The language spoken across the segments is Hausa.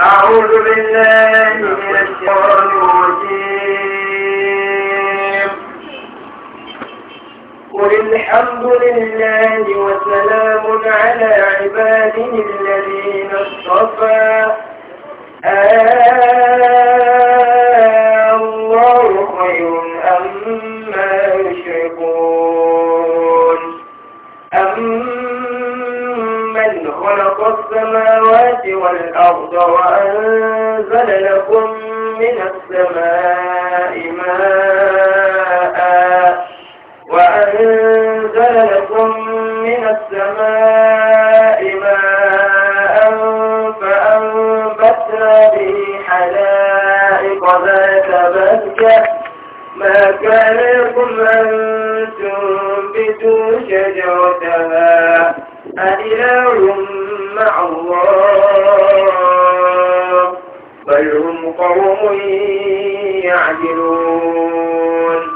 أعوذ بالله من الشيطان الرجيم قل الحمد لله وسلام على عباده الذين اصطفى آه السماوات والأرض وأنزل لكم من السماء ماء وأنزل لكم من السماء ماء فأنبتنا به حدائق ذات بهجة ما كان لكم أن تنبتوا شجرتها أإله مع الله بل هم قوم يعدلون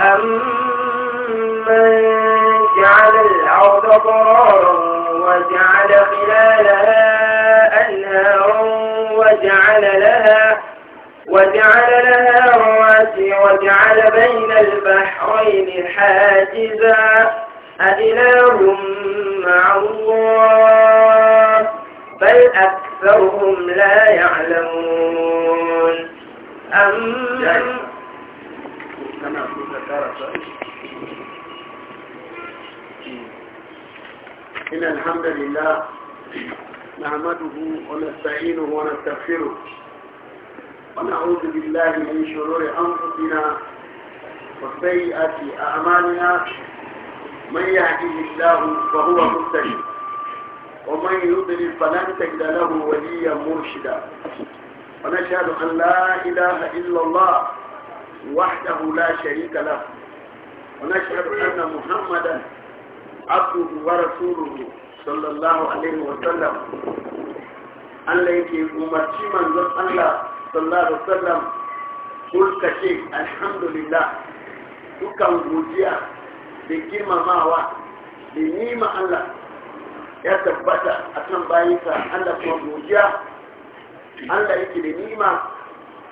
أمن جعل الأرض قرارا وجعل خلالها أنهارا وجعل لها وجعل لها رواسي وجعل بين البحرين حاجزا أإله مع الله بل أكثرهم لا يعلمون أم إن الحمد لله نعمده ونستعينه ونستغفره ونعوذ بالله من شرور أنفسنا وسيئات أعمالنا من يهديه الله فهو مهتدي ومن يضلل فلن تجد له وليا مرشدا ونشهد أن لا إله إلا الله وحده لا شريك له ونشهد أن محمدا عبده ورسوله صلى الله عليه وسلم ان Allah yake الله صلى الله عليه وسلم wasallam kulka الحمد لله dukan godiya da girmamawa da nima Allah ya tabbata a kan bayansa Allah kuma godiya Allah yake da nima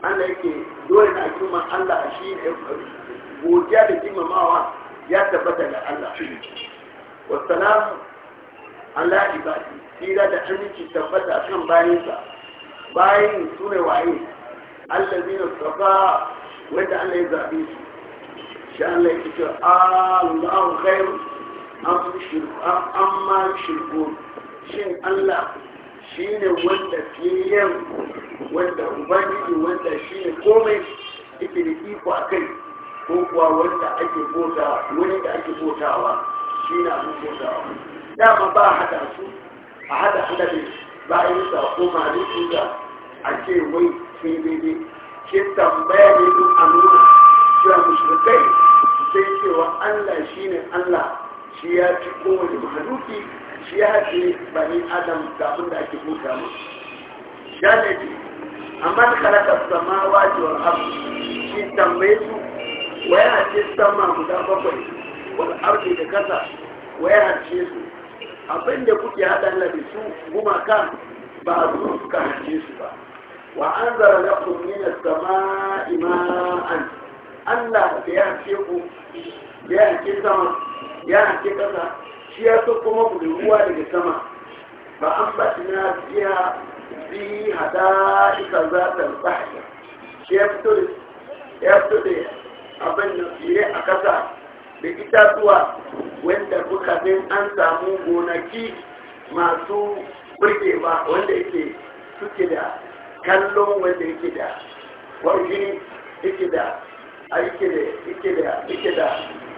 Allah yake dole na girman Allah shi ne godiya da girmamawa ya tabbata ga Allah wasalamu Allah ibadi tira da aminci tabbata a kan bayansa bayan su waye Allah zai wanda Allah ya zaɓe su كان لك آه، الله خير أم شرك أم ما يشركون شين الله شين وانت فيهم وانت أبدي وانت شين قومي إبن إيقوا كي هو وانت أكي بوتا وانت أكي بوتا شين أبو بوتا لا ما با حدا سوء حدا حدا بي با يوتا قوم عليك وانت أكي وي في بي بي شين تنبيه لدو أمور شين مشركين sai cewa allah shi ne allah shi ya ci kowane mahaluki shi ya haɗe bani adam da da ake buta mu ya ne ce amma da kalaka sama wajewar abu shi tambaye su waya ce sama guda bakwai Wani arziki da kasa waya ce su abin da kuke haɗa na da su gumaka ba a zuwa suka haɗe su ba wa an zara na min as-sama'i ma'an Allah da ya hake ku ya sama ya ƙasa shi ya so kuma ku da ruwa daga sama ba an ba shi na biya bi hada ita za ta bahya shi ya fito da ya fito da abin da tsire a ƙasa da itatuwa wanda kuka bin an samu gonaki masu burge ba wanda yake suke da kallon wanda yake da kwarfi yake da a yake da yake da yake da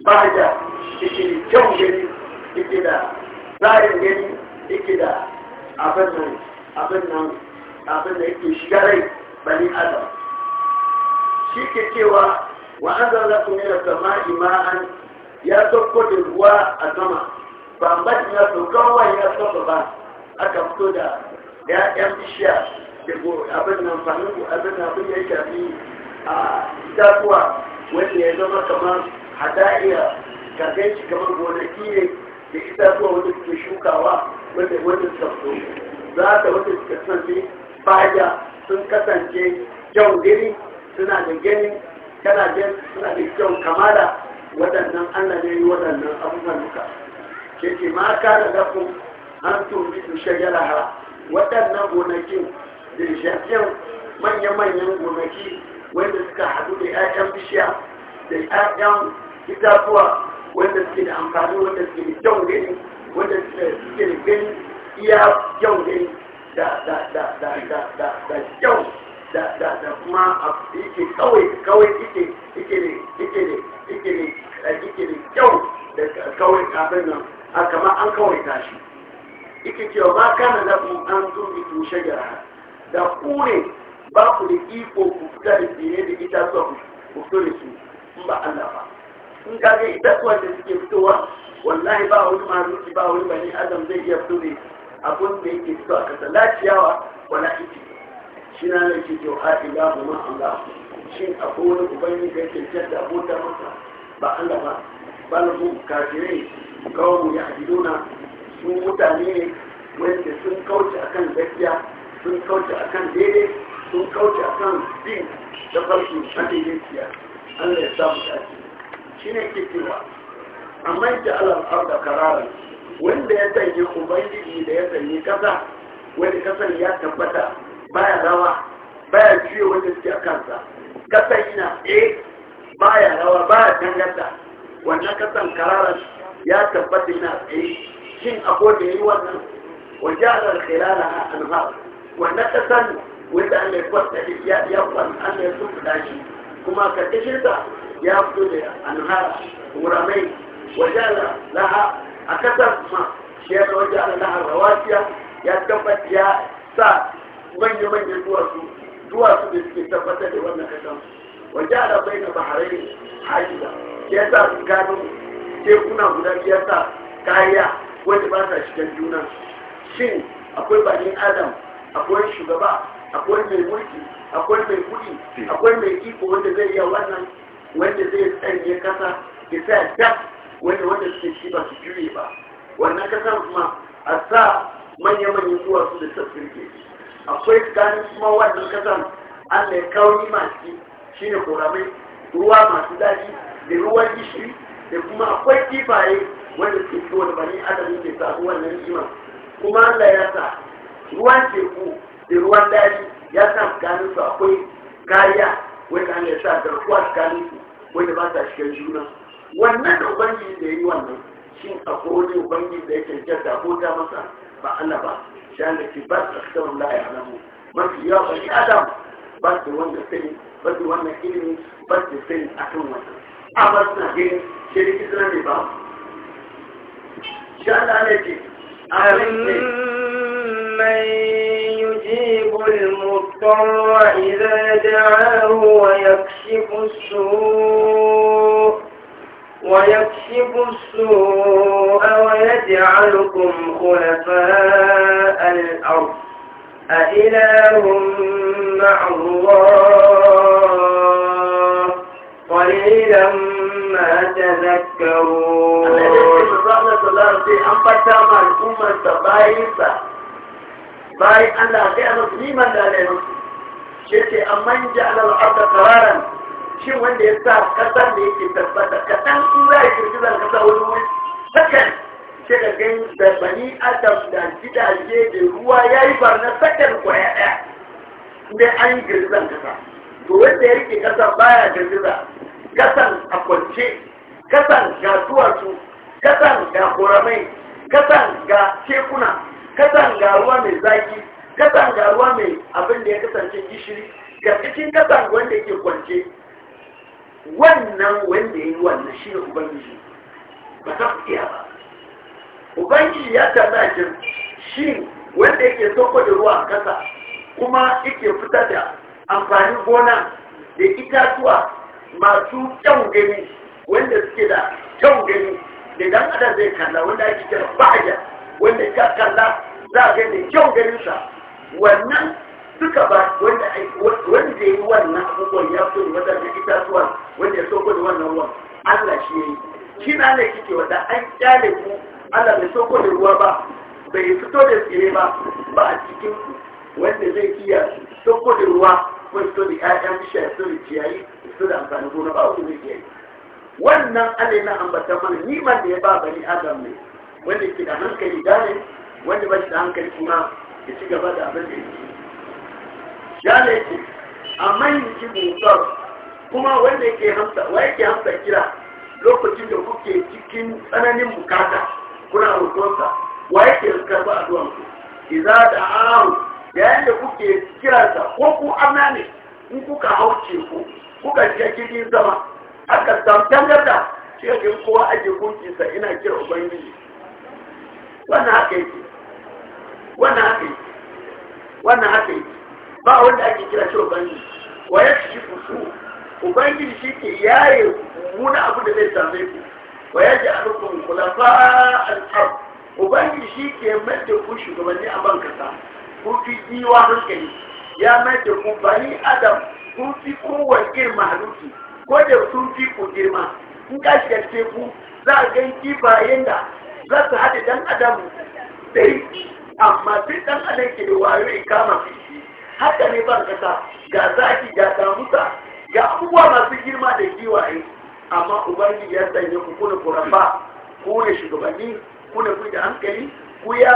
bahja yake da kyau gani yake da tsarin gani yake da abin nan abin nan abin da yake shiga rai bani adam shi ke cewa wa an zan zaku mina sama ima'an ya sauko da ruwa a sama ba mafi na saukan wani ya sauka ba aka fito da ya'yan bishiya da abin nan fahimku abin nan abin ya shafi a itatuwa wanda ya zama kamar hada'iya ka kamar gonaki ne da itatuwa wanda suke shukawa wanda wanda suka fito za ta wanda suka kasance baja sun kasance kyau gani suna da gani kana gan suna da kyau kamala waɗannan allah ne yi waɗannan abubuwan duka ke ke ma ka da lafin an tobi su shagara waɗannan gonakin da shafiyan manya-manyan gonaki wanda suka hadu da 'ya'yan bishiya da 'ya'yan itatuwa wanda suke da amfani wanda suke da kyau ne wanda suke da gani iya kyau ne da da da da da da da kyau da da da kuma yake kawai kawai yake yake ne yake ne yake ne yake ne kyau da kawai abin nan a kamar an kawai tashi yake cewa ba kana lafi an tumbi tushe gara da ku ne ba ku da iko ku fita da tsere da ita itatuwa ku fito da su in ba Allah ba in ka ga itatuwa da suke fitowa wallahi ba wani maruki ba wani bani adam zai iya fito da abun da yake fito a kasa lafiyawa wala iti shi na nan ke kyau a ila mu ma Allah shin akwai wani ubangiji da yake da abota masa ba Allah ba mu kafirai kawo ya hadiduna su mutane ne wanda sun kauce akan gaskiya sun kauce akan daidai sun kauce a kan bin da farko a daidaitiya allah ya samu dace shi ne ke cewa amma yake alam'ar da kararar wanda ya sanya ubangiji da ya sanya kasa wani kasar ya tabbata baya rawa baya juya wanda suke a kansa kasar yana eh baya rawa baya dangata wannan kasan kararar ya tabbata yana tsaye shin akwai da yi wannan wajen alkhilala a anhar wannan kasan wanda Allah ya kwanta ya ya an Allah ya tuntuɗa shi kuma kishin ta ya fito da anhar wuramai wajala laha a kasar kuma shi ya zama jala laha rawasiya ya tabbata ya sa manya-manyan duwatsu duwatsu da suke tabbatar da wannan kasar da bai na baharai hajiza ya sa su gano tekuna guda ya sa kariya wanda ba sa shigar juna shin akwai bakin adam akwai shugaba akwai mai mulki akwai mai kudi akwai mai iko wanda zai iya wannan wanda zai tsanye kasa ya sa daf wanda wanda suke shi ba su juye ba wannan kasar kuma a sa manya-manyan zuwa su da sassirke akwai tsakanin kuma wannan kasar an mai kawo masu shi ne koramai ruwa masu daji da ruwan gishiri da kuma akwai kifaye wanda suke ciwo da bani adadin ke sa ruwan nan kuma Allah ya sa ruwan teku da ruwan daji ya sa tsakanin su akwai kariya wanda an ya sa garkuwa tsakanin su da ba sa shiga juna wannan da ubangiji da yi wannan shin akwai wani ubangiji da ya cancanta ko abota masa ba Allah ba shi an da ke ba su aksarun la ya alamu mafi yawa ba shi adam ba su wanda sai ba su wannan ilimi ba su a akan wannan amma suna gani shirki suna ne ba shi Allah ne ke أم مَّن يُجِيبُ الْمُضْطَرَّ إِذَا دَعَاهُ وَيَكْشِفُ السُّوءَ ويكشف السوء ويجعلكم خلفاء الأرض أإله مع الله قليلا ما تذكرون. bayan Allah sai a masu liman da Allah ya masu shi ce amman ja alal da tararan, shi wanda ya sa kasar da yake tabbata kasar in za ya girgizar kasa wani wuri sakan shi da gan da bani adam da gidaje da ruwa ya yayi barna sakan kwaya ɗaya. inda an yi girgizar kasa to wanda ya rike kasa baya girgiza kasar a kwance kasar ga duwatsu kasar ga koramai kasar ga tekuna kasan garuwa mai zaki kasan garuwa ruwa mai abin da ya kasance gishiri ga cikin kasan wanda yake kwance wannan wanda yi wannan shi ne ubangiji ba ta iya ba ubangiji ya tambaya jin shi wanda yake soko da ruwa a kasa kuma yake fitar da amfani gona da itatuwa masu kyan gani wanda suke da kyan gani da dan adam zai kalla wanda ake kira ba'aja wanda ka kalla za a ga kyau kyau sa wannan duka ba wanda da yi wannan abubuwan ya fito da wadannan itatuwan wanda ya soko da wannan ruwan Allah shi ya yi shi na ne kike wanda an kyale ku Allah bai soko da ruwa ba bai fito da tsire ba ba a cikin ku wanda zai kiya soko da ruwa ko fito da ƴaƴan bishiya fito da ciyayi fito da amfani gona ba wani zai iya yi wannan Allah yana ambata mana niman da ya ba bani Adam ne wanda ke da hankali gane wanda ba shi da hankali kuma ya ci gaba da abin da ya ce ya da yake amma yin ki mutar kuma wanda yake hamsa wa yake hamsa kira lokacin da kuke cikin tsananin bukata kuna rukunsa, wa yake karɓa zuwan ku Iza da ahu yayin da kuke kiransa ko ku amna ne in kuka hauce ku kuka shiga cikin zama aka samtangar da shi kowa ake kunkinsa ina kira ubangiji wannan haka yake wannan haka yi wannan haka yi ba wanda ake kira shi ubangiji wa ya shi fusu ubangiji shi ke yaye muna abu da zai same ku wa ya ji alukun kulafa al'ar ubangiji shi ke mai da ku shugabanni a ban kasa ku fi iwa hankali ya mai da ku bani adam ku fi kowar girma mahaluki ko da sun fi ku girma in ka shiga teku za a gan kifayen da za su haɗe dan adam da yi amma duk dan adam ke da wayo ya kama shi haka ne ban kasa ga zaki ga damusa ga abubuwa masu girma da giwaye amma ubangiji ya sanya ku kuna kurafa ku ne shugabanni ku ne ku da hankali ku ya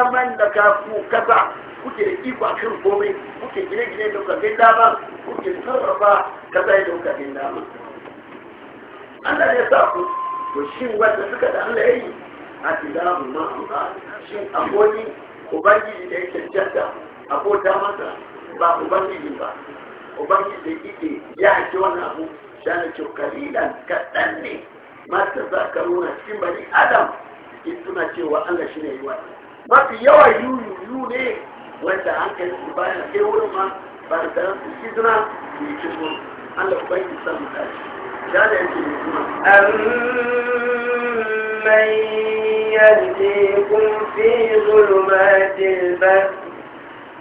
ka ku kasa kuke da iko kan komai kuke gine-gine da kafin dama kuke sarrafa kasa da gina dama Allah ne sa ku to shin wanda suka da Allah yayi a tilahu ma'a shin akwai ubangiji da ya cancanta a bauta masa ba ubangiji ba ubangiji da yake ya ce wani abu shana ce kalilan kaɗan ne mata za ka nuna cikin bani adam in suna cewa allah shi ne yi wani mafi yawa yuyuyu ne wanda an kai su bayan kai wurin ma ba da tsaron su shi suna yi cikin allah ubangiji samu tashi shana yake yi kuma من يهديكم في ظلمات البر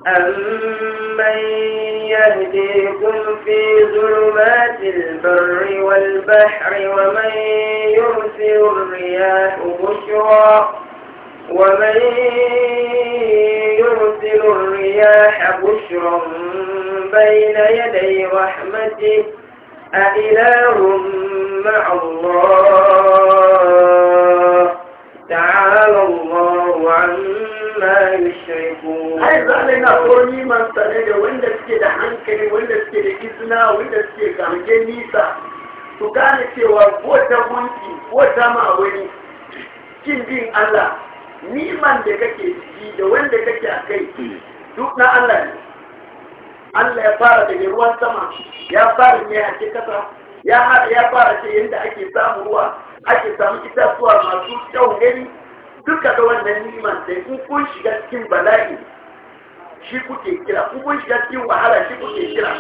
أمن يهديكم في ظلمات البر والبحر ومن يرسل الرياح بشرا ومن يرسل الرياح بشرا بين يدي رحمته أإله مع الله تعالى الله عما يشركون هاي زعلنا قرني من تنجا وإنك كده حنكني وإنك كده إذنا وإنك كده غمجي نيسا تقالي سوى بوتا بنتي بوتا ما ولي كين دين الله niman da kake ciki da wanda kake a kai duk na Allah ne Allah ya fara daga ruwan sama ya fara ne a cikin kasa ya har ya fara ce yadda ake samu ruwa ake samu itatuwa masu kyau gani duka da wannan niman da in kun shiga cikin bala'i shi kuke kira in kun shiga cikin wahala shi kuke kira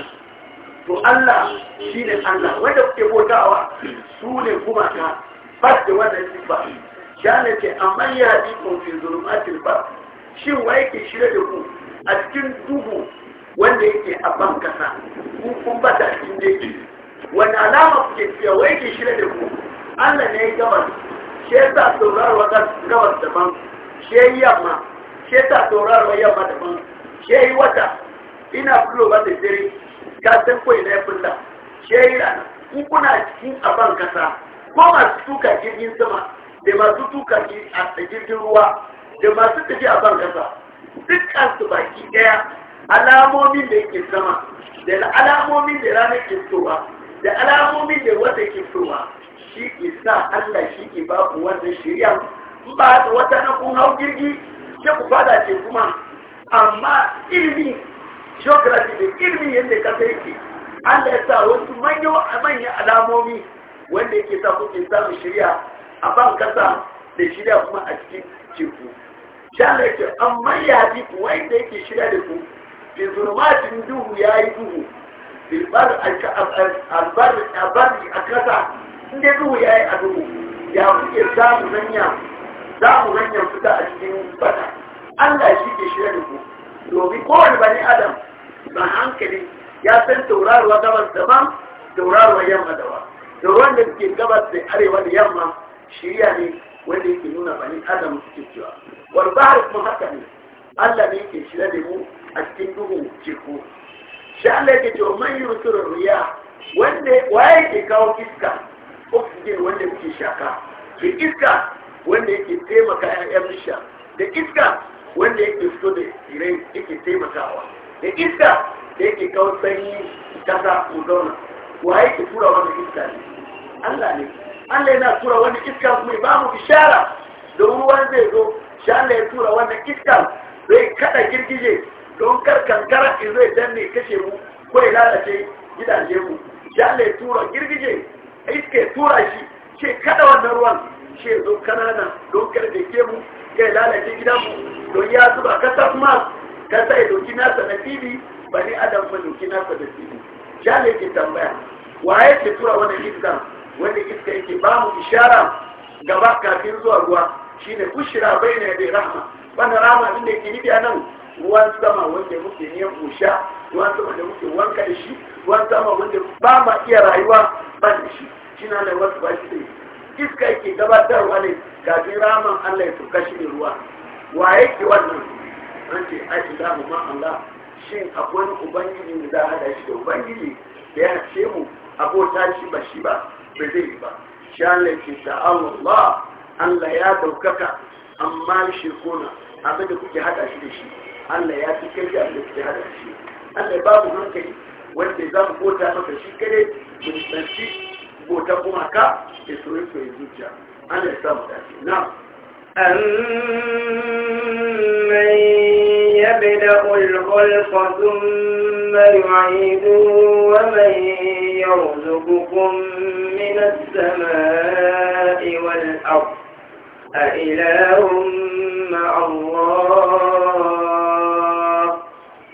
to Allah shi ne Allah wanda kuke bautawa su ne kuma ka ba da wannan sifa ya ne ce amma ya haɗi kun fi zulumatil ba shin wa yake shirya da ku a cikin duhu wanda yake a ban kasa kun ba ta cikin yake wani alama kuke cewa wai ke shirya da ku Allah ne ya gabas shi ya sa saurarwa gabas daban shi ya yi yamma shi ya sa saurarwa yamma daban shi ya yi wata ina fulo ba da dare ka san kawai na ya fulla shi ya yi rana kuna cikin a ban kasa ko masu tuka jirgin sama da masu tuka a jirgin ruwa da masu tafi a ban kasa dukkan su baki daya alamomin da yake sama da alamomin da rana ke fitowa da alamomin da wata ke fitowa shi ke sa Allah shi ke ba ku wannan shirya ba da wata na kun hau girgi ke ku fada ce kuma amma ilimi geography da ilimi yadda kasa yake Allah ya sa wasu manyan alamomi wanda yake sa kuke samun shirya a ban kasa da shirya kuma a cikin teku. Shi Allah ya ce, amma ya haɗi inda yake shirya da ku fi zulmatin duhu ya yi duhu bilbar albari a kasa inda duhu ya yi a duhu ya kuke samu hanya samu fita a cikin fata allah shi ke shirya da ku domin kowane bani adam ba hankali ya san tauraruwa gabas daban tauraruwa yamma daban da wanda ke gabas da arewa da yamma shirya ne wanda yake nuna bani adam suke cewa wal bahar kuma haka ne allah ne ke shirya da mu a cikin duhu teku shi Allah ke ce man yusur riya wanda waye ke kawo iska oxygen wanda muke shaka da iska wanda yake taimaka ya ƴaƴan bishiya da iska wanda yake fito da tsirai yake taimakawa da iska da yake kawo sanyi kasa mu zauna waye ke tura wannan iska ne Allah ne Allah yana tura wani iska kuma ba mu bishara da ruwan zai zo shi Allah ya tura wannan iska zai kada girgije don kar kankara in zai danne kashe mu ko ya lalace gidaje mu ya le tura girgije iske tura shi ce kada wannan ruwan ce zo kanana don kar da ke mu ya lalace gidan mu don ya zuba kasa kuma kasa ya doki nasa na fili ba ni adam ba doki nasa da fili ya le ke tambaya waye ke tura wannan iska wanda iska yake ba mu ishara gaba kafin zuwa ruwa shine kushira, bai ne da rahma wannan rama din da ke nufi a nan ruwan sama wanda muke niyan musha ruwan sama da muke wanka da shi ruwan sama wanda ba ma iya rayuwa ba da shi shi na da wasu bashi da iska yake gabatarwa ne kafin raman allah ya tuka shi da ruwa wa yake wannan an ce aiki za mu ma allah shin akwai ubangiji da za a hada shi da ubangiji da ya ce mu abota shi ba shi ba ba zai yi ba shi allah ce ta'awallah allah ya daukaka amma kona abin da kuke hada shi da shi Allah ya fi kai da da shi Allah babu hankali wanda za mu bota maka shi kare mu tsanci bota kuma ka da soyayya zuciya Allah ya sa mu dace na أمن يبدأ الخلق ثم يعيده ومن يرزقكم من السماء والأرض أإله مع الله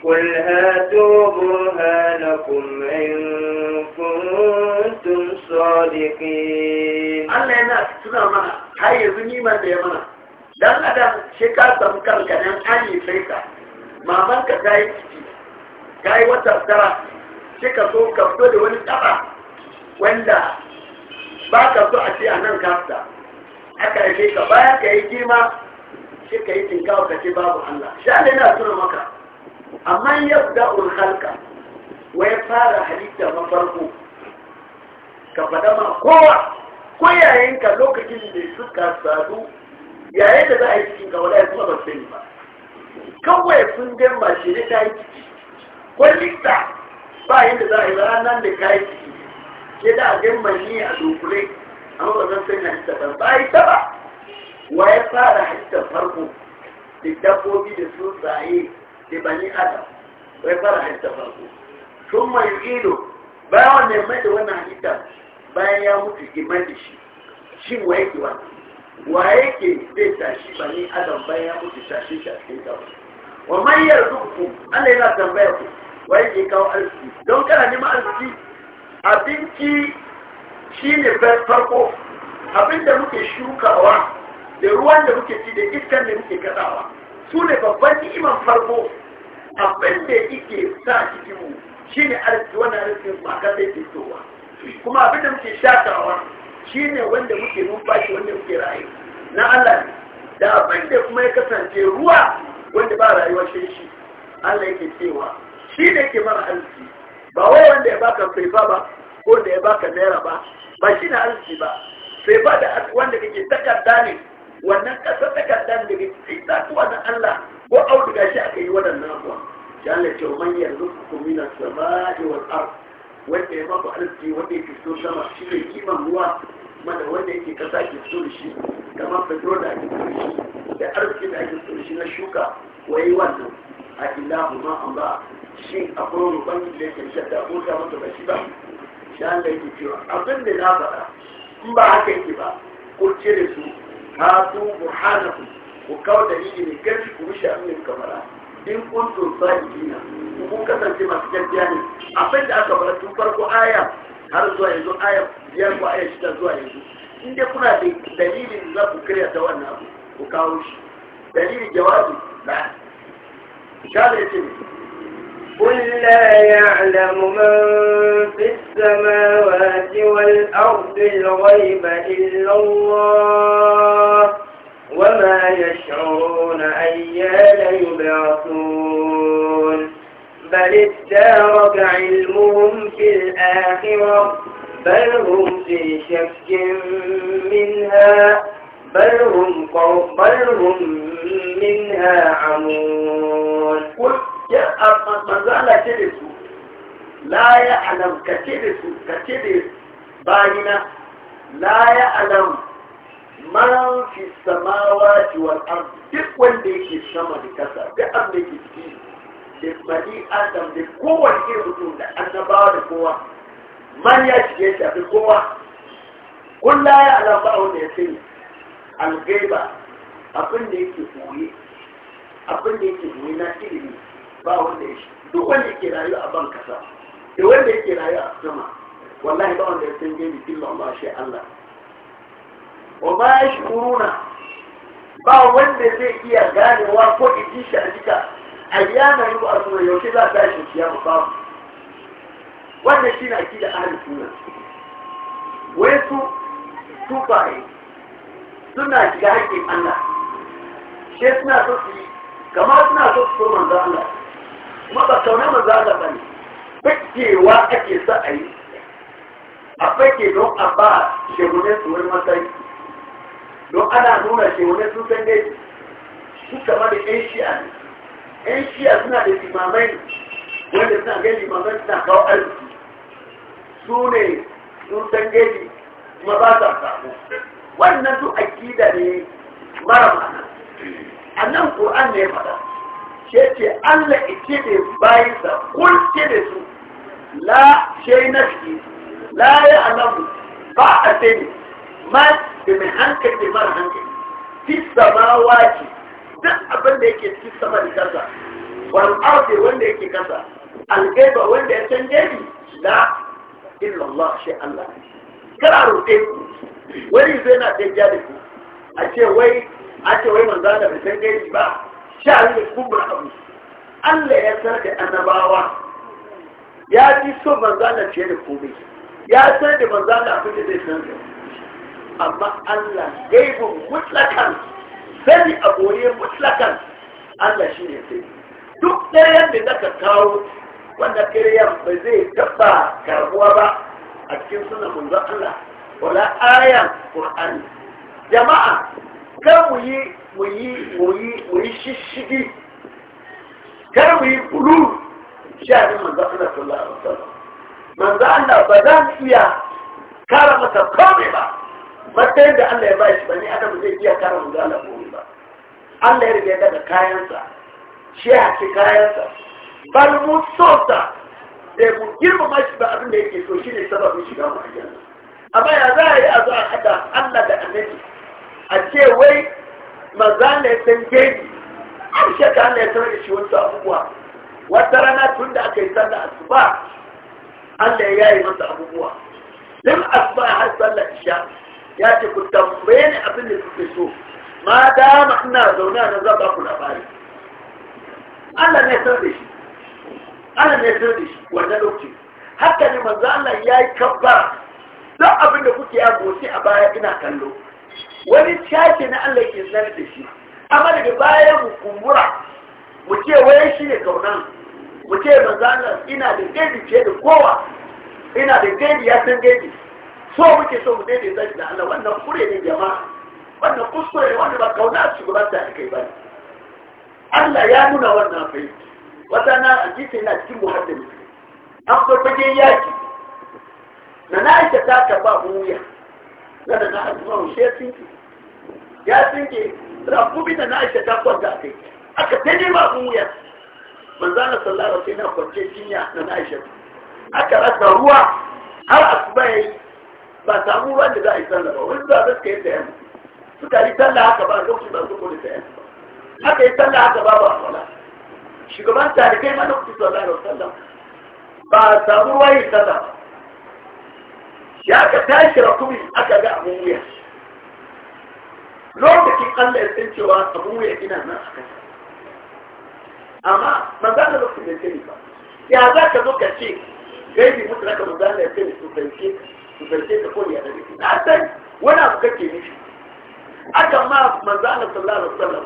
قل هاتوا برهانكم إن كنتم صادقين الله يناس تنا منا هاي يزني من دي منا dan adam shi ka samu kanka nan sai ka maman ta yi ciki ka yi wata tara shi so ka da wani taba wanda ba ka a ce a nan kafta aka yi ka baya ka yi kima shi ka yi ka ce babu Allah shi yana maka amma yabda ulhalka wai fara halitta mafarko? farko ka faɗa ma kowa ko yayinka lokacin da suka sadu yayin da za a yi cikin kawai ya kuma ba sani ba kawai sun gan ba shi ne ta yi ciki ko likta ba yadda za a yi ranar da ka yi ciki ke da a gan mani a dokule amma ba zan sani halitta ba ba yi ta ba wa ya fara halittar farko da dabbobi da tsuntsaye libani adam wai fara farko sun mai ido bayan wanda mai da wannan halitta bayan ya mutu imai da shi shi wa yake wa wa yake zai tashi bani adam bayan ya mutu tashi shi a cikin wa farko abin da muke shukawa da ruwan da muke ci da iskan da muke kadawa su ne babban ni'imar farko abin da yake sa cikin mu shine arziki wannan arzikin ba ka sai ke towa kuma abin da muke shakawa shine wanda muke numfashi wanda muke rayu na Allah ne da abin da kuma ya kasance ruwa wanda ba rayuwa shi shi Allah yake cewa shi ne ke mara arziki ba wai wanda ya baka faifa ba ko da ya baka naira ba ba shi ne arziki ba faifa da wanda kake takarda ne wannan kasa takarda ne da kake tsatuwa na Allah ko auduga shi aka yi waɗannan abuwa jalla ce man yarzuqukum min as-sama'i wal ard wanda ya baku arziki wanda yake so sama shi ne kiman ruwa mana wanda yake kasa ke so da shi kamar fitro da ake so da shi da arziki da ake so da shi na shuka wai wannan a ilahu ma an ba shi akwai wani banki da yake shadda ko ta mata ba shi ba jalla yake cewa abin da na faɗa in ba haka yake ba ko cire su ha su burhanakum ku kawo dalili ne karfi ku rushe a da kamara in kuntum sadiqina kun kasance masu gaskiya ne abin da aka fara tun farko aya har zuwa yanzu aya biyar ko aya shida zuwa yanzu in dai kuna da dalilin za ku karya ta wannan abu ku kawo shi dalilin jawabi na misali ya ce قل لا يعلم من في السماوات والأرض الغيب إلا الله وما يشعرون بل ادارك علمهم في الآخرة بل هم في شك منها بل هم, بل هم منها عمون قل يا مزالة تلسو لا يعلم كتلسو كتلس باينة لا يعلم من في السماوات والأرض تقول wanda yake sama da kasa duk abin da da bani adam da kowane irin mutum da annabawa da kowa man ya shige shafi kowa kulla ya alamba a wanda ya sani algaiba abin da yake koyi abin da yake koyi na ilimi ba wanda ya shi duk wanda yake rayu a ban kasa da wanda yake rayu a sama wallahi ba wanda ya san gani illa Allah shi Allah wa ba shi kuruna ba wanda zai iya ganewa ko iji shi a jika ayyana yi wa suna yaushe za ta shi ciya babu wannan shi na aki da ahli suna wai su tufaye suna shiga haƙƙin allah shi suna so su yi kama suna so su so manzo allah kuma ba kauna manzo allah ba ne fakewa ake sa a yi a fake don a ba shegunan su wani matsayi don ana nuna shegunan sun san dai su kama da ƴan shi'a ne ايش في اثناء الامامين وانت اثناء جاي الامامين اثناء قوى الف سوني سون تنجيلي ما بات افتاقه وانا انتو اكيدا لي مرم انا انا القرآن لي مدى شيتي الا اتشيدي بايزا قل شيدي سو لا شيء نشكي لا يعلم بعثني ما بمهنك المرهنك في السماوات duk abin da yake cikin sama da kasa wal ardi wanda yake kasa al gaiba wanda ya san gaibi la illa Allah shi Allah kana roƙe ku wani zai na dajiya da ku a ce wai a ce wai manzo da bai san gaibi ba sha'ani da kubra abu Allah ya san da annabawa ya ji so manzo da ce da komai ya san da manzo da abin da zai san amma Allah gaibun mutlakan sani a goye mutlakan Allah shi ne sai duk ɗayan da zaka kawo wanda kare ya ba zai tabba karbuwa ba a cikin sunan manzon Allah wala ayan Qur'ani jama'a kar mu yi mu yi mu yi mu yi shishigi kar mu yi kulu shanin manzon Allah sallallahu alaihi wasallam manzon Allah ba zan iya kara masa komai ba matsayin da Allah ya ba shi ba ni adam zai iya kara manzon Allah ko Allah ya riga daga kayansa shi ya ce kayansa bal mu sosa da eh, mu girmama shi ba abin da yake so shi ne sababin shiga mu aljanna amma ya za a yi a zo a hada Allah da annabi a ce wai maza ne san gani an shaka Allah ya sanar da shi wasu abubuwa wata rana tun da aka yi sallah asuba Allah ya yi masa abubuwa lim asuba har sallar isha ya ce ku tambaye ni abin da kuke so ma dama ina zaune na zaba ku labari Allah ne san da shi Allah ne san da shi wanda lokaci haka ne manzo Allah ya yi kabba don abin da kuke ya gosi a baya ina kallo wani shashi na Allah ke sanar da shi amma daga baya mu kumbura mu ce waye shi ne kaunan mu ce manzo Allah ina da gaibi ce da kowa ina da gaibi ya san gaibi so muke so mu daidaita shi da Allah wannan kure ne jama'a wannan kuskure wanda ba kauna su shugaban da aka yi ba Allah ya nuna wannan fa'i wata na ajiyar yana cikin muhaddisi an farfagen yaki na na aisha ta ka ba wuya zana na azumar shi ya tsinke ya tsinke rafubi da na aisha ta kwanta a kai aka ta nema wuya manzana sallara sai na kwance jinya na na aisha aka rasa ruwa har asuba ba samu ruwan da za a yi sallah ba wani za a zaska yadda ya mutu suka yi sallah haka ba lokacin da suka da yan haka yi sallah haka ba ba sola shugaban tarikai ma lokacin sallah da sallah ba a samu wayin sallah ba ya ka tashi rakumi aka ga abun wuya lokacin allah ya san cewa abun wuya ina nan a kasa amma manzo da lokacin da ke ba ya za ka zo ka ce gaibi mutu na ka manzo da ya ce su farke su farke ka ko ya da ke na san wani abu kake nufi aka ma manzo Allah sallallahu alaihi wasallam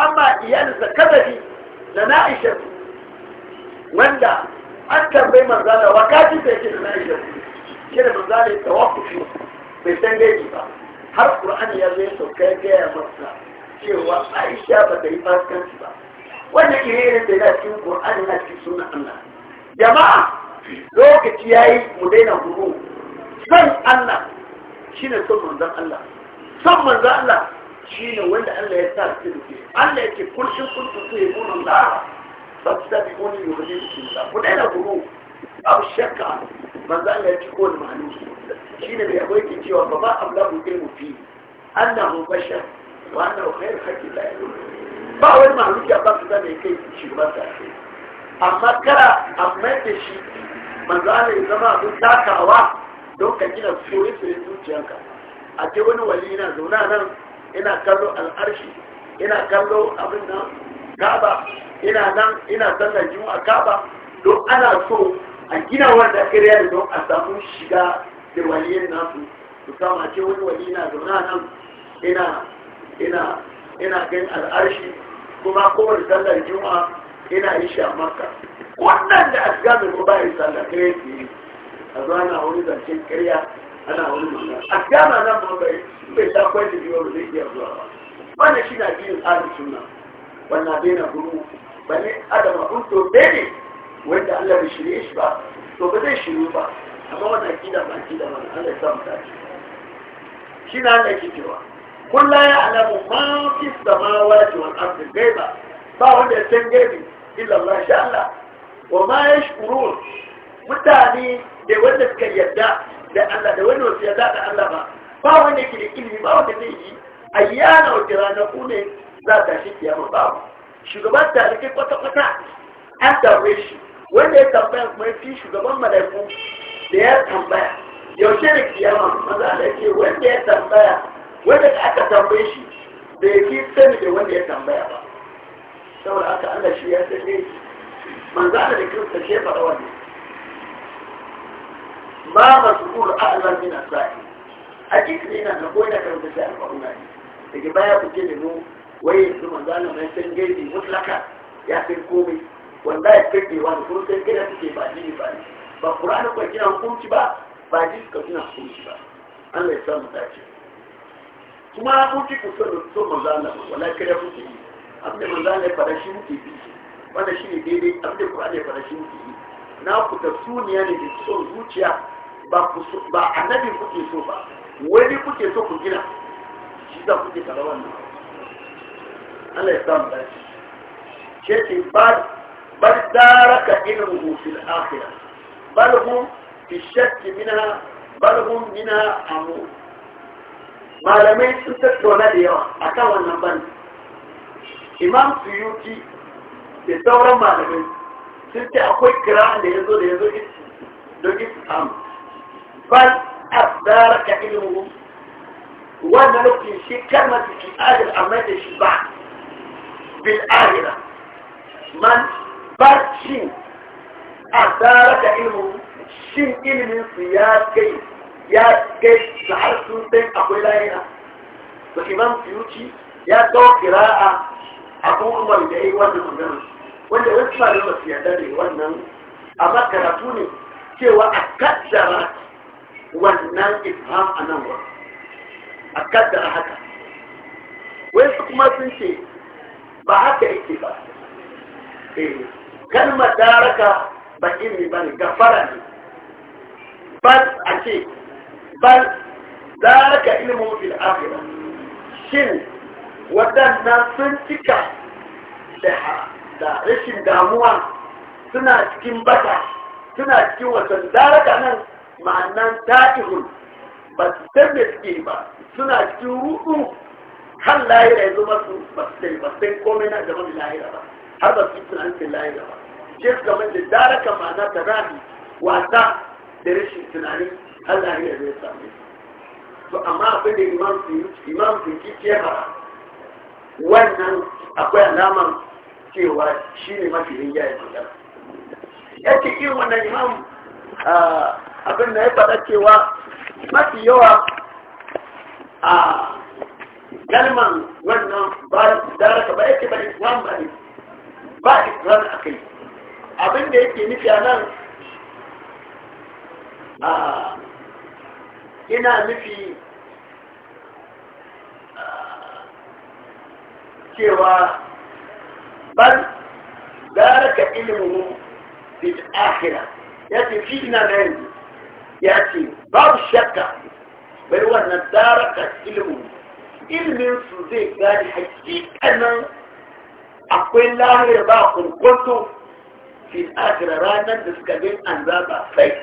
amma iyalinsa kadari da na'isha wanda an tambayi manzo Allah wakati da yake da na'isha kire manzo Allah ya bai san gaibi ba har Qur'ani ya zo ya sauka ya gaya masa cewa Aisha ba ta yi fasikanci ba wannan irin da ya cikin Qur'ani na cikin sunan Allah jama'a lokaci yayi mu daina huru san Allah shine son manzo Allah san manzo Allah ne wanda Allah ya sa su ke Allah ya ce yake kul ba su tafi Allah fastabi'uni su Allah ku daina guru abu shakka manzo Allah ya ci kowane ma'anu ne bai akwai ke cewa ba ba amlahu ilmu fi mu bashar wa annahu khairu da Allah ba wani mahaluki ya ba su zama kai shi ba ta kai amma kara amma da shi manzo Allah ya zama abin takawa don ka gina soyayya zuciyarka a ce wani wali na zauna nan ina kallo al'arshi ina kallo abin nan kaba ina nan ina sallar juma'a kaba don ana so a gina wanda kariya da don a samu shiga da waliyan nasu su kama A ce wani wali na zauna nan ina ina ina gan al'arshi kuma kowane sallar juma'a ina yi shi a makka wannan da asgamin ba bayan sallar kariya ke yi. a zuwa na wani zancen kariya ana wani musulmi a gama nan ma bai bai ta kwai da biyar zai iya zuwa ba wannan shi na biyun tsarin suna wannan bai na guru ba ne adama kun to ne wanda allah bai shirye shi ba to ba zai shiru ba amma wannan akida ba akida ba allah ya samu dace shi na allah ke cewa kun la ya alamu ma fi samawati wal ardi gaiba ba wanda ya san gaibi illa allah sha allah wa ma yashkurun mutane da wanda suka yarda dan Allah da wani wasu ya zaɗa Allah ba ba wanda yake da ilimi ba wanda zai yi ayyana wata rana ku ne za ta shi kiyama ba shugaban talibai kwata-kwata an tambaye shi wanda ya tambaya kuma ya fi shugaban malaiku da ya tambaya yaushe ne kiyama maza da ke wanda ya tambaya wanda aka tambaye shi da ya fi sani da wanda ya tambaya ba saboda aka Allah shi ya sani manzana da kirista shefa ya faɗa wannan ma masrur a'zam min as-sa'i hadisi ne na ko da karanta shi al-qur'ani ne daga baya ku ce da mu waye su manzo Allah mai san gaibi mutlaka ya san komai wanda ya kake wa da kurkan gida suke ba ni ba ni ba qur'ani ko kina hukunci ba ba ji suka kina hukunci ba Allah ya sa mu dace kuma kuke ku san so manzo Allah wala kada kuke yi abin da manzo Allah ya fara shi muke bi wanda shi ne daidai abin da qur'ani ya fara shi muke yi na ku suniya ne da son zuciya ba annabi kuke so ba wani kuke so ku gina shi za kuke kala wannan Allah ya samu dace ce ce bar daraka ilmuhu fil akhirah bal hum fi shakki minha bal hum minha amu malamai sun tattauna da yawa kan wannan bani imam suyuti da sauran malamai sun ce akwai kiran da ya zo da ya zo don islam bal asdara ka ilmu wannan lokacin shi kalmar da ke adil amma da shi ba bil ahira man bal shi asdara ka ilmu shin ilimin su ya kai ya kai su har sun san akwai lahira ba imam suyuci ya kawo kira'a a kuma umar da ya yi wannan magana wanda wasu ba da su yarda da wannan amma karatu ne cewa a kaddara wannan ifham a nan wa a kaddara haka wasu kuma sun ce ba haka yake ba eh, kalmar daraka ba ilmi ba ne gafara ne bal a ce bal daraka ilmin fil akhirah shin waɗannan sun cika da da rashin damuwa suna cikin bata suna cikin wasan daraka nan ma'annan ta'ihun ba su san suke ba suna cikin rudu har lahira yanzu ba su ba su komai na gaban lahira ba har ba su yi tunanin lahira ba je su gaban da daraka ma'ana ta rafi wasa da rashin tunanin har lahira zai same su to amma abin da imam su yi imam su yi wannan akwai alamar cewa shi ne mafi rinjaye magana ya ce irin wannan imam abin da ya faɗa cewa mafi yawa a galman wannan daraka ba yake ba islam ba ne ba islam a kai abin da yake nufi a nan ina nufi cewa بل ذلك علمه في الآخرة يأتي فينا من يأتي باب الشكة بل هو أن ذلك علمه علم سوزي قال حقيقة أقول لا يرضاكم كنتم في الآخرة رانا نسكبين أن ذاك فيك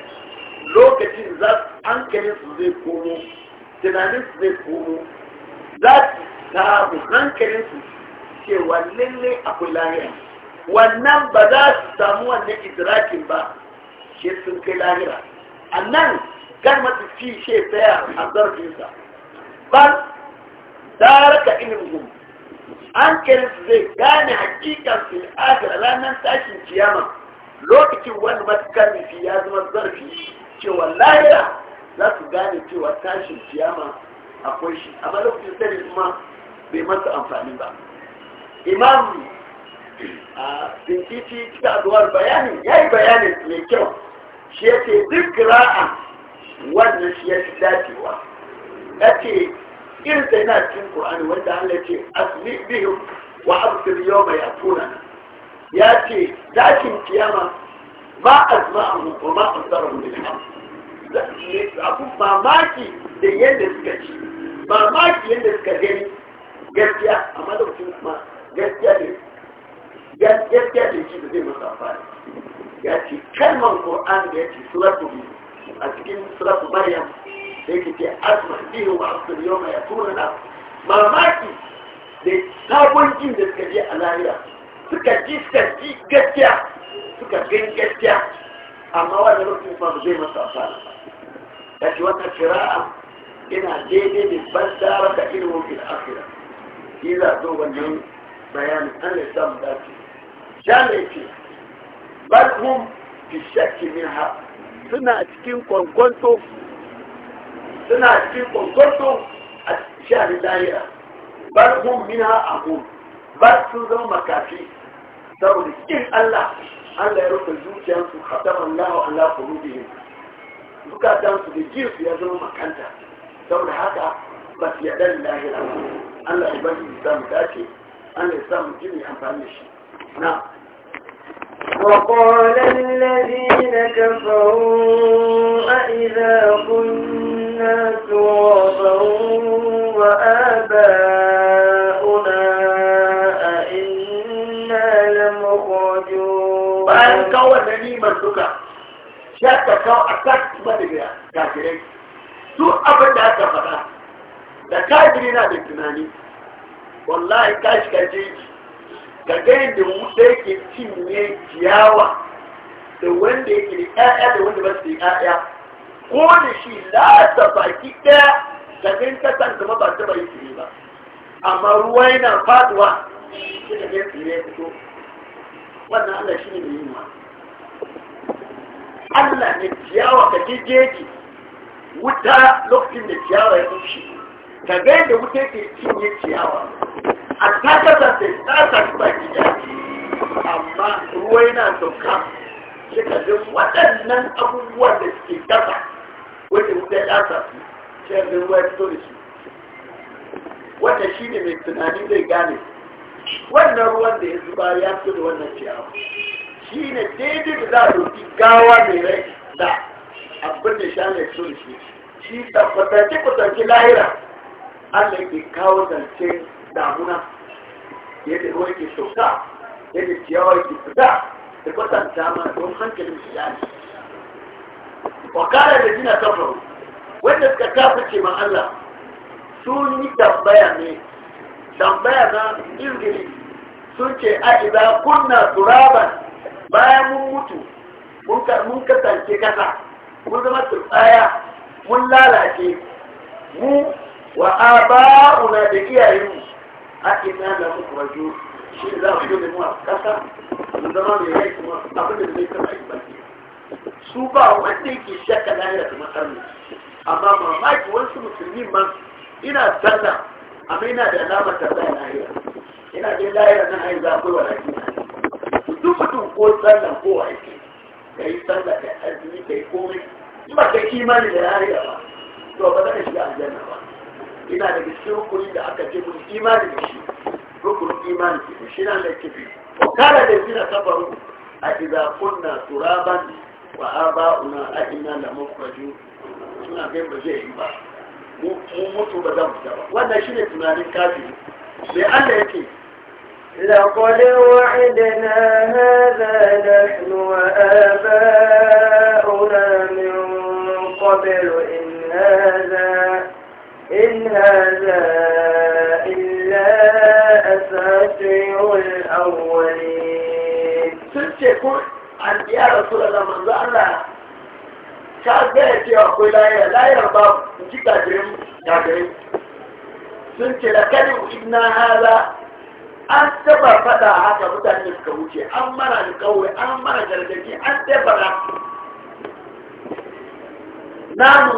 lokacin za su hankalin su zai komo tunanin su zai komo za su samu cewa lalle a lahira wannan ba za su samu wannan idrakin ba shi sun kai lahira a nan garmata fi she tsaya a zarfinsa ban raka ilimin an su zai gane hakikan fil'adar ranar tashin kiyama lokacin wani matakan nufi ya zama zarfi cewa lahira za su gane cewa tashin kiyama akwai shi amma lokacin sani kuma bai masa amfani ba imam a binciki cikin aduwar bayanin ya yi bayanin mai kyau shi ya ce duk ra'a wannan shi ya fi dacewa ya ce irin da yana cikin ƙur'ani wanda Allah ce asmi biyu wa yau mai yatuna ya ce dakin kiyama ma a wa ma asarahu lil abu mamaki da yadda suka ci mamaki yadda suka gani gaskiya amma da mutum kuma gaskiya ne gaskiya ne shi da zai masa amfani ya ce kalmar qur'an da ya ce suratu a cikin suratu maryam da yake ce asma bihi wa asma yawma yatunana mamaki da sabon jin da suka je a lahira suka ji suka ji gaskiya suka gan gaskiya amma wannan lokacin ba zai masa amfani ba ya ce wannan kira'a ina daidai da ban tsara da ilimin fil'afira shi za a zo wannan bayani an ya samu dace jami'a ce balhum fi shakki ha, suna cikin kwankwanto suna cikin kwankwanto a shani lahira min ha abu ba sun zama makafi saboda kin Allah Allah ya rufe zuciyarsu khatama Allah ala qulubihim zukatansu da jinsu ya zama makanta saboda haka ba su yarda lahira Allah ya bari mu dace أنا إسلام جميع أمفاني الشيء نعم وقال الذين كفروا أئذا كنا ترابا وآباؤنا أئنا لمخرجون بأن كوى نعيما لك شاكا كوى أكاك مدقيا كافرين سوء أبدا كفرا لكافرين هذا التناني wallahi ka shiga jeji ka ga mu wuta yake cinye ciyawa da wanda yake da ƴaƴa da wanda ba su da ƴaƴa ko da shi lasa baki ɗaya ka gani ka san zama ba ta bari tsire ba amma ruwa yana faduwa shi ka gani ya fito wannan Allah shi ne mai yin wa Allah ne ciyawa ka je jeji wuta lokacin da ciyawa ya kushe ka ga yadda wuta ke cinye ciyawa a ta kasance ta tafi baki da amma ruwa yana sauka shi ka ga waɗannan abubuwan da suke gaba wajen wuce ya tafi shi ka ruwa ya fito da shi wanda shi ne mai tunani zai gane wannan ruwan da ya zuba ya fito da wannan ciyawa shi ne daidai da za a doki gawa mai rai da abin da shi ne fito da shi shi tabbatar ki kusanci lahira Allah ke kawo zance damuna yadda ruwa ke sauka yadda ciyawa ke fita da kwatanta ma don hankalin su ya ne kare da jina kafaru wanda suka kafa ce ma Allah sun yi tambaya ne tambaya na ingiri, sun ce a idan kunna turaban bayan mun mutu mun kasance kasa mun zama turbaya mun lalace mu وآباؤنا بكيهم أكيد أنا مخرجون شيء لا يوجد موافقة من زمان يعيش أبدا ليس معيبا su ba wanda yake shakka lahira da matsalar amma mamaki wasu musulmi ma ina sallah amma ina da alamar tabbaya lahira ina da lahira na haihu za akwai walaki duk mutum ko sallah ko aiki ka yi sallah ka yi azumi ka yi komai in ba ka imani da lahira ba to ba za ka shiga aljanna ba ina da cikin rukuni da aka ce mun imani da shi rukunin imani da shi na da kifi kala da zina safaru a idza kunna turaban wa aba'una a inna la mukhraju suna ga ba zai yi ba mu mutu ba zan fita ba wannan ne tunanin kafin. sai Allah ya yake لقد وعدنا هذا نحن وآباؤنا من قبل إن هذا إن هذا إلا أساطير الأولين سنتكون عن يا رسول الله من ذا الله ka gaya cewa akwai layar layar ba ji gajirin gajirin sun ce da kanin ibna hala an taba fada haka mutane suka wuce an mana alkawai an mana gargaji an taba nanu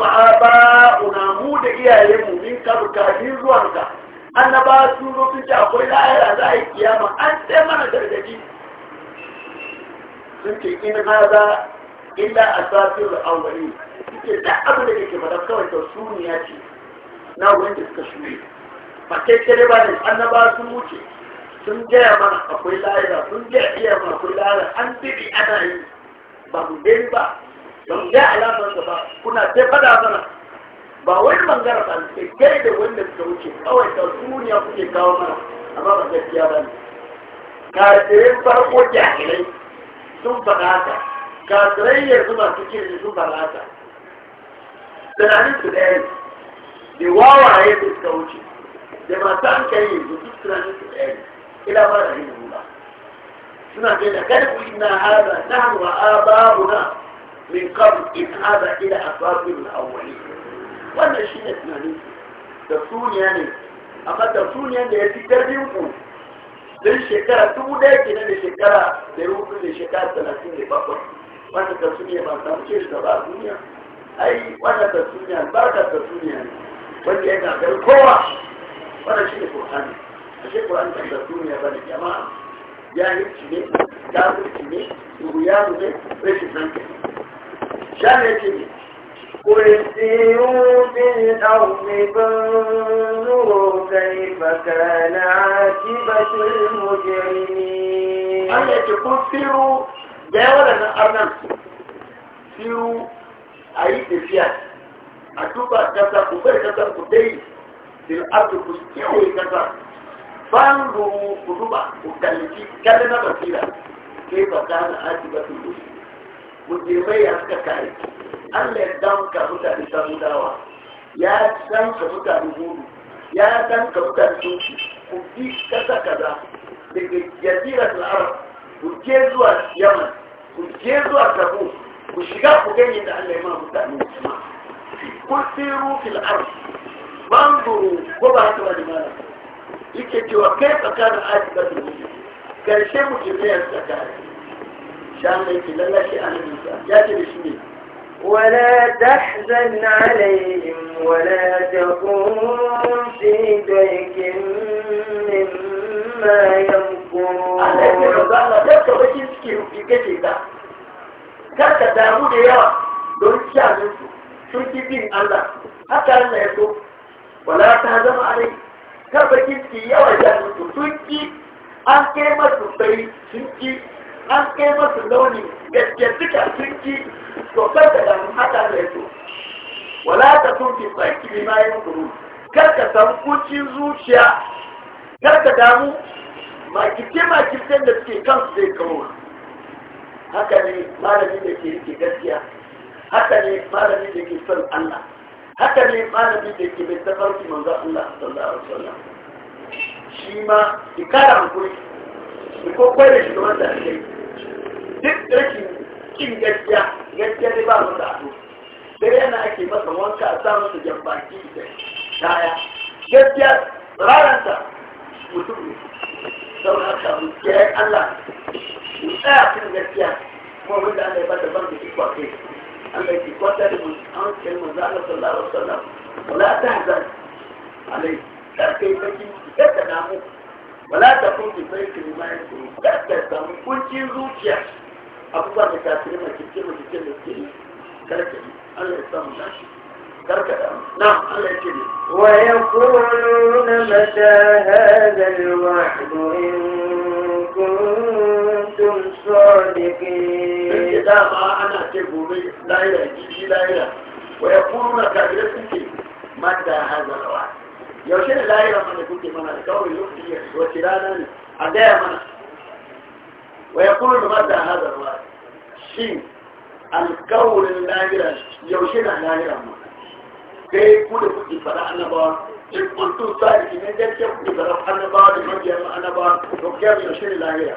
una mu da iyayenmu min kabu kafin zuwanka annaba su zo sun ce akwai lahira za a yi kiyama an ce mana gargaji sun ce in haza illa a safin awali suke da abin da ke mara kawai da suniya ce na da suka shuri ba kai kere ba ne annaba sun wuce sun gaya mana akwai lahira sun gaya iya mana akwai lahira an bibi ana yi ba mu gani ba don ga alamar da ba kuna sai fada mana ba wani bangaren ba sai kai da wanda suka wuce kawai ta duniya kuke kawo mana amma ba gaskiya ba ne kafirin farko jahilai sun faɗa haka kafirai yanzu masu kirki sun faɗa haka tunanin su ɗaya ne da wawaye da suka wuce da masu an kai yanzu duk tunanin su ɗaya ne ila ba da yin hula suna ce da kai ku ina hada a wa na. min qabl in hada ila asabil al-awwalin wannan shine tunani da suniya ne amma da suniya da ya fitar din ku dan shekara dubu daya kenan da shekara da rubu da shekara talatin da bakwai wannan da suniya ba samu ce shi ba duniya ai wannan da suniya barka da suniya ne wanda ya gagar kowa wannan shine qur'ani ashe qur'ani da suniya bane jama'a ya yi ne jahilci ne duhuyanu ne rashin hankali shan yake ne قلتيوا في الأرض فانظروا كيف كان عاقبة المجرمين أن يتقول سيروا جاولا أرنم سيروا أي تفيا أتوبة كذا كبير كذا كدي في الأرض كستيوي كذا فانظروا قلوب التالتين كلمة بسيطة كيف كان عاجبة الوصول مجرمي أسكاكاي أن يدام كمتا لسامداوا يا سان كمتا لبولو يا سان كمتا لسوشي كبديش كذا كذا لكي جزيرة العرب وجيزوا اليمن وجيزوا الكابوس وشيقاكو جاي يتعلم ما متأمين كما قل سيروا في الأرض فانظروا وبعثوا لماذا يكتبوا كيف كان عاد بدر كان شيء مجميع الزكاة شان يكتب لا شيء عن الإنسان جاتب اسمي ولا تحزن عليهم ولا تكون في ذيك مما يمكون على الرضا لا تكتب اسمي في كتابة كتا داود يا دون شان شو تبين الله هكذا يقول ولا تهزم عليه karfarki bakin ciki yawa ya sun ki an kai masu bai sun ki an kai masu launi gaske suka sun ki to haka da yato wala ta sun ki tsaki ne ma yin kuru kar ka zuciya kar ka damu makice makicen da suke kan su zai kawo haka ne malami da ke rike gaskiya haka ne malami da ke son Allah haka ne malami da ke bai tafarki manzan Allah sallallahu alaihi wasallam shi ma ki kara hankuri ki kokwai da shi kamar da ake duk rashin kin gaskiya gaskiya ne ba wanda a sai yana ake masa wanka a samun su jambaki da kaya gaskiya raranta mutum ne saboda haka mu kiyaye Allah mu tsaya kan gaskiya kuma wanda Allah ya bada ban da ikwa kai التي قتل أنت المزارة صلى الله عليه وسلم ولا تحزن عليه لا كيفك تتنامو ولا تكون في بفيك لما يكون لا تتنامو كل شيء روشيا أبو مكاترين مكتير مكتير مكتير كركب الله يسلم ناشي كركب نعم الله يكرم ويقولون متى هذا الوعد إن كنت الصادقين ويقولون كبيرة هذا الوعد يوشين لا يرمى كنت من الكور من ويقولون متى هذا الوعد شين الكور لا يرمى يوشين لا يرمى كي كل كنت بار إن كنت صادقين كنت بار إن كنت فرعنا بار يوشين لا إله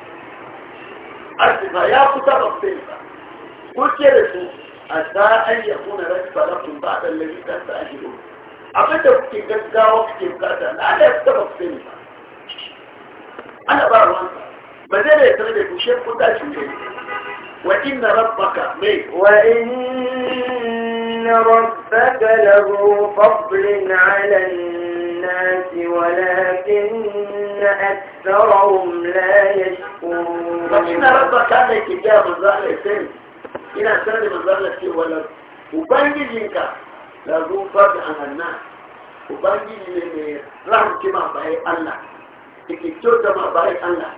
أرضها يا كتاب الصنفة قلت يا رسول أسى أن يكون رجب لكم بعد الذي تستأجلون أبدا كنت جدا وقت كذا أنا كتاب الصنفة أنا بروان بدل يتغلق وشيء قد أجلون وإن ربك وإن ربك له فضل على الناس ولكن أكثرهم لا يشكرون وإن ربك هذا يتجاه بالظهر السن إلى سنة بالظهر السن ولد لك له فضل على الناس وبنجزنك رحمة ما بأي الله إكتوت ما بأي الله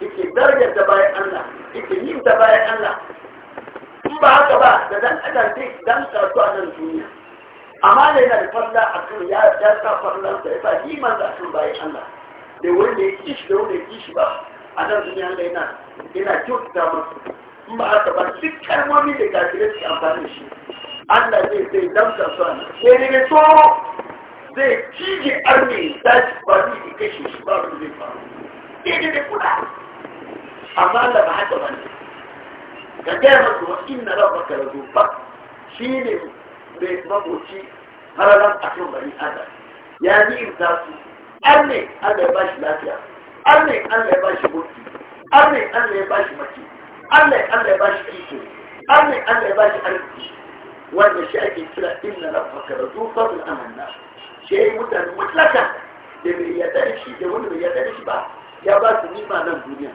yake darajar da bayan Allah yake yin da bayan Allah in ba haka ba da dan adam zai dan karatu a nan duniya amma da yana da falla a kan ya ya sa fallan sa yasa yi man da kan bayan Allah da wanda ya kishi shi da wanda ya shi ba a nan duniya Allah yana yana kyautata masa in ba haka ba duk kalmomi da kafirai suke amfani da shi Allah zai zai dan karatu a nan sai ne so zai cije arme da shi ba zai kashe shi ba zai faru. Daidai da kuɗa amma Allah ba haka ba ne ka gaya masu wa inna rabbaka la shi ne mai maboci hararan kan bari ada ya ni za su an ne Allah ya ba shi lafiya an ne Allah ya ba shi mutu an ne Allah ya ba shi mace an ne Allah ya ba shi iko an ne Allah ya ba shi arziki wanda shi ake kira inna rabbaka la zufa bil amanna shi mutane mutlaka da bai yarda da shi da wanda bai yarda da shi ba ya ba su nima nan duniya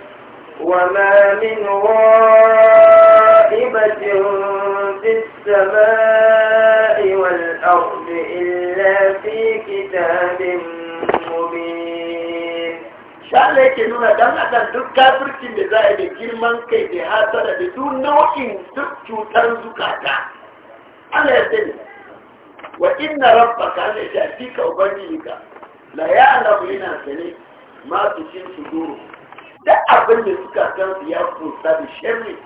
وما من غائبة في السماء والأرض إلا في كتاب مبين شاء لك نونا دم أدن دك كافرتي مزائد جرمان كي دي هاتنا بدون نوعين دكتو تنزكاتا أنا يسلم وإن ربك أنا شأتيك وبنيك لا يعلم لنا سنين ما تشين صدورك da abin da suka kansu ya kusa da shirri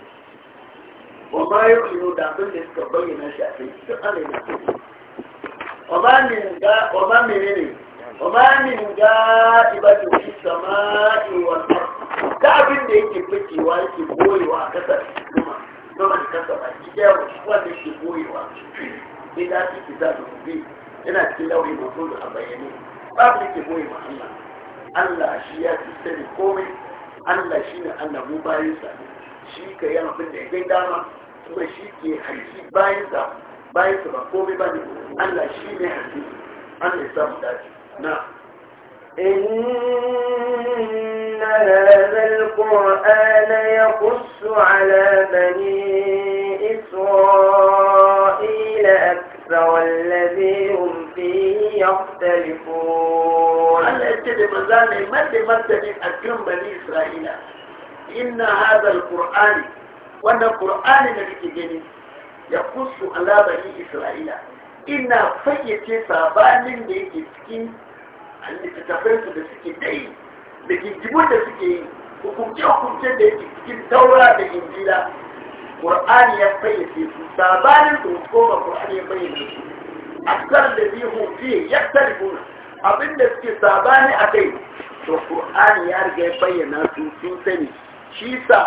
wa ma ya kuyo da abin da suka bayyana shi a kai sun ana yi wa ma min ga wa ma menene wa ma min ga ibadu fi sama'i wal ard da abin da yake fikewa yake boyewa a kasar kuma kuma da kasar ba ki ga wanda yake boyewa sai da ki za ku bi yana cikin lauri da a bayyane babu yake boye ma Allah Allah shi ya fi sani komai Allah shi ne Allah mu bayansa shi ka yi abin da ya gai dama kuma shi ke haiti bayansa bayansa ba komai ba ne Allah shi ne haiti Allah ya samu dace na إن هذا القرآن يقص على بني إسرائيل أكثر والذي هم فيه يختلفون أنا أتدى مزاني مد مد من أكرم بني إسرائيل إن هذا القرآن وأن القرآن الذي تجني يقص على بني إسرائيل إن فيتي سابان ليك سكين littattafansu da suke dai da gingimin da suke yi hukumce-hukumce da yake cikin daura da injila Qur'ani ya fayyace su sabanin su ko ba Qur'ani ya fayyace su akar da bihu fi yaktalifuna abinda suke sabani akai to Qur'ani ya riga ya bayyana su sun sani shi sa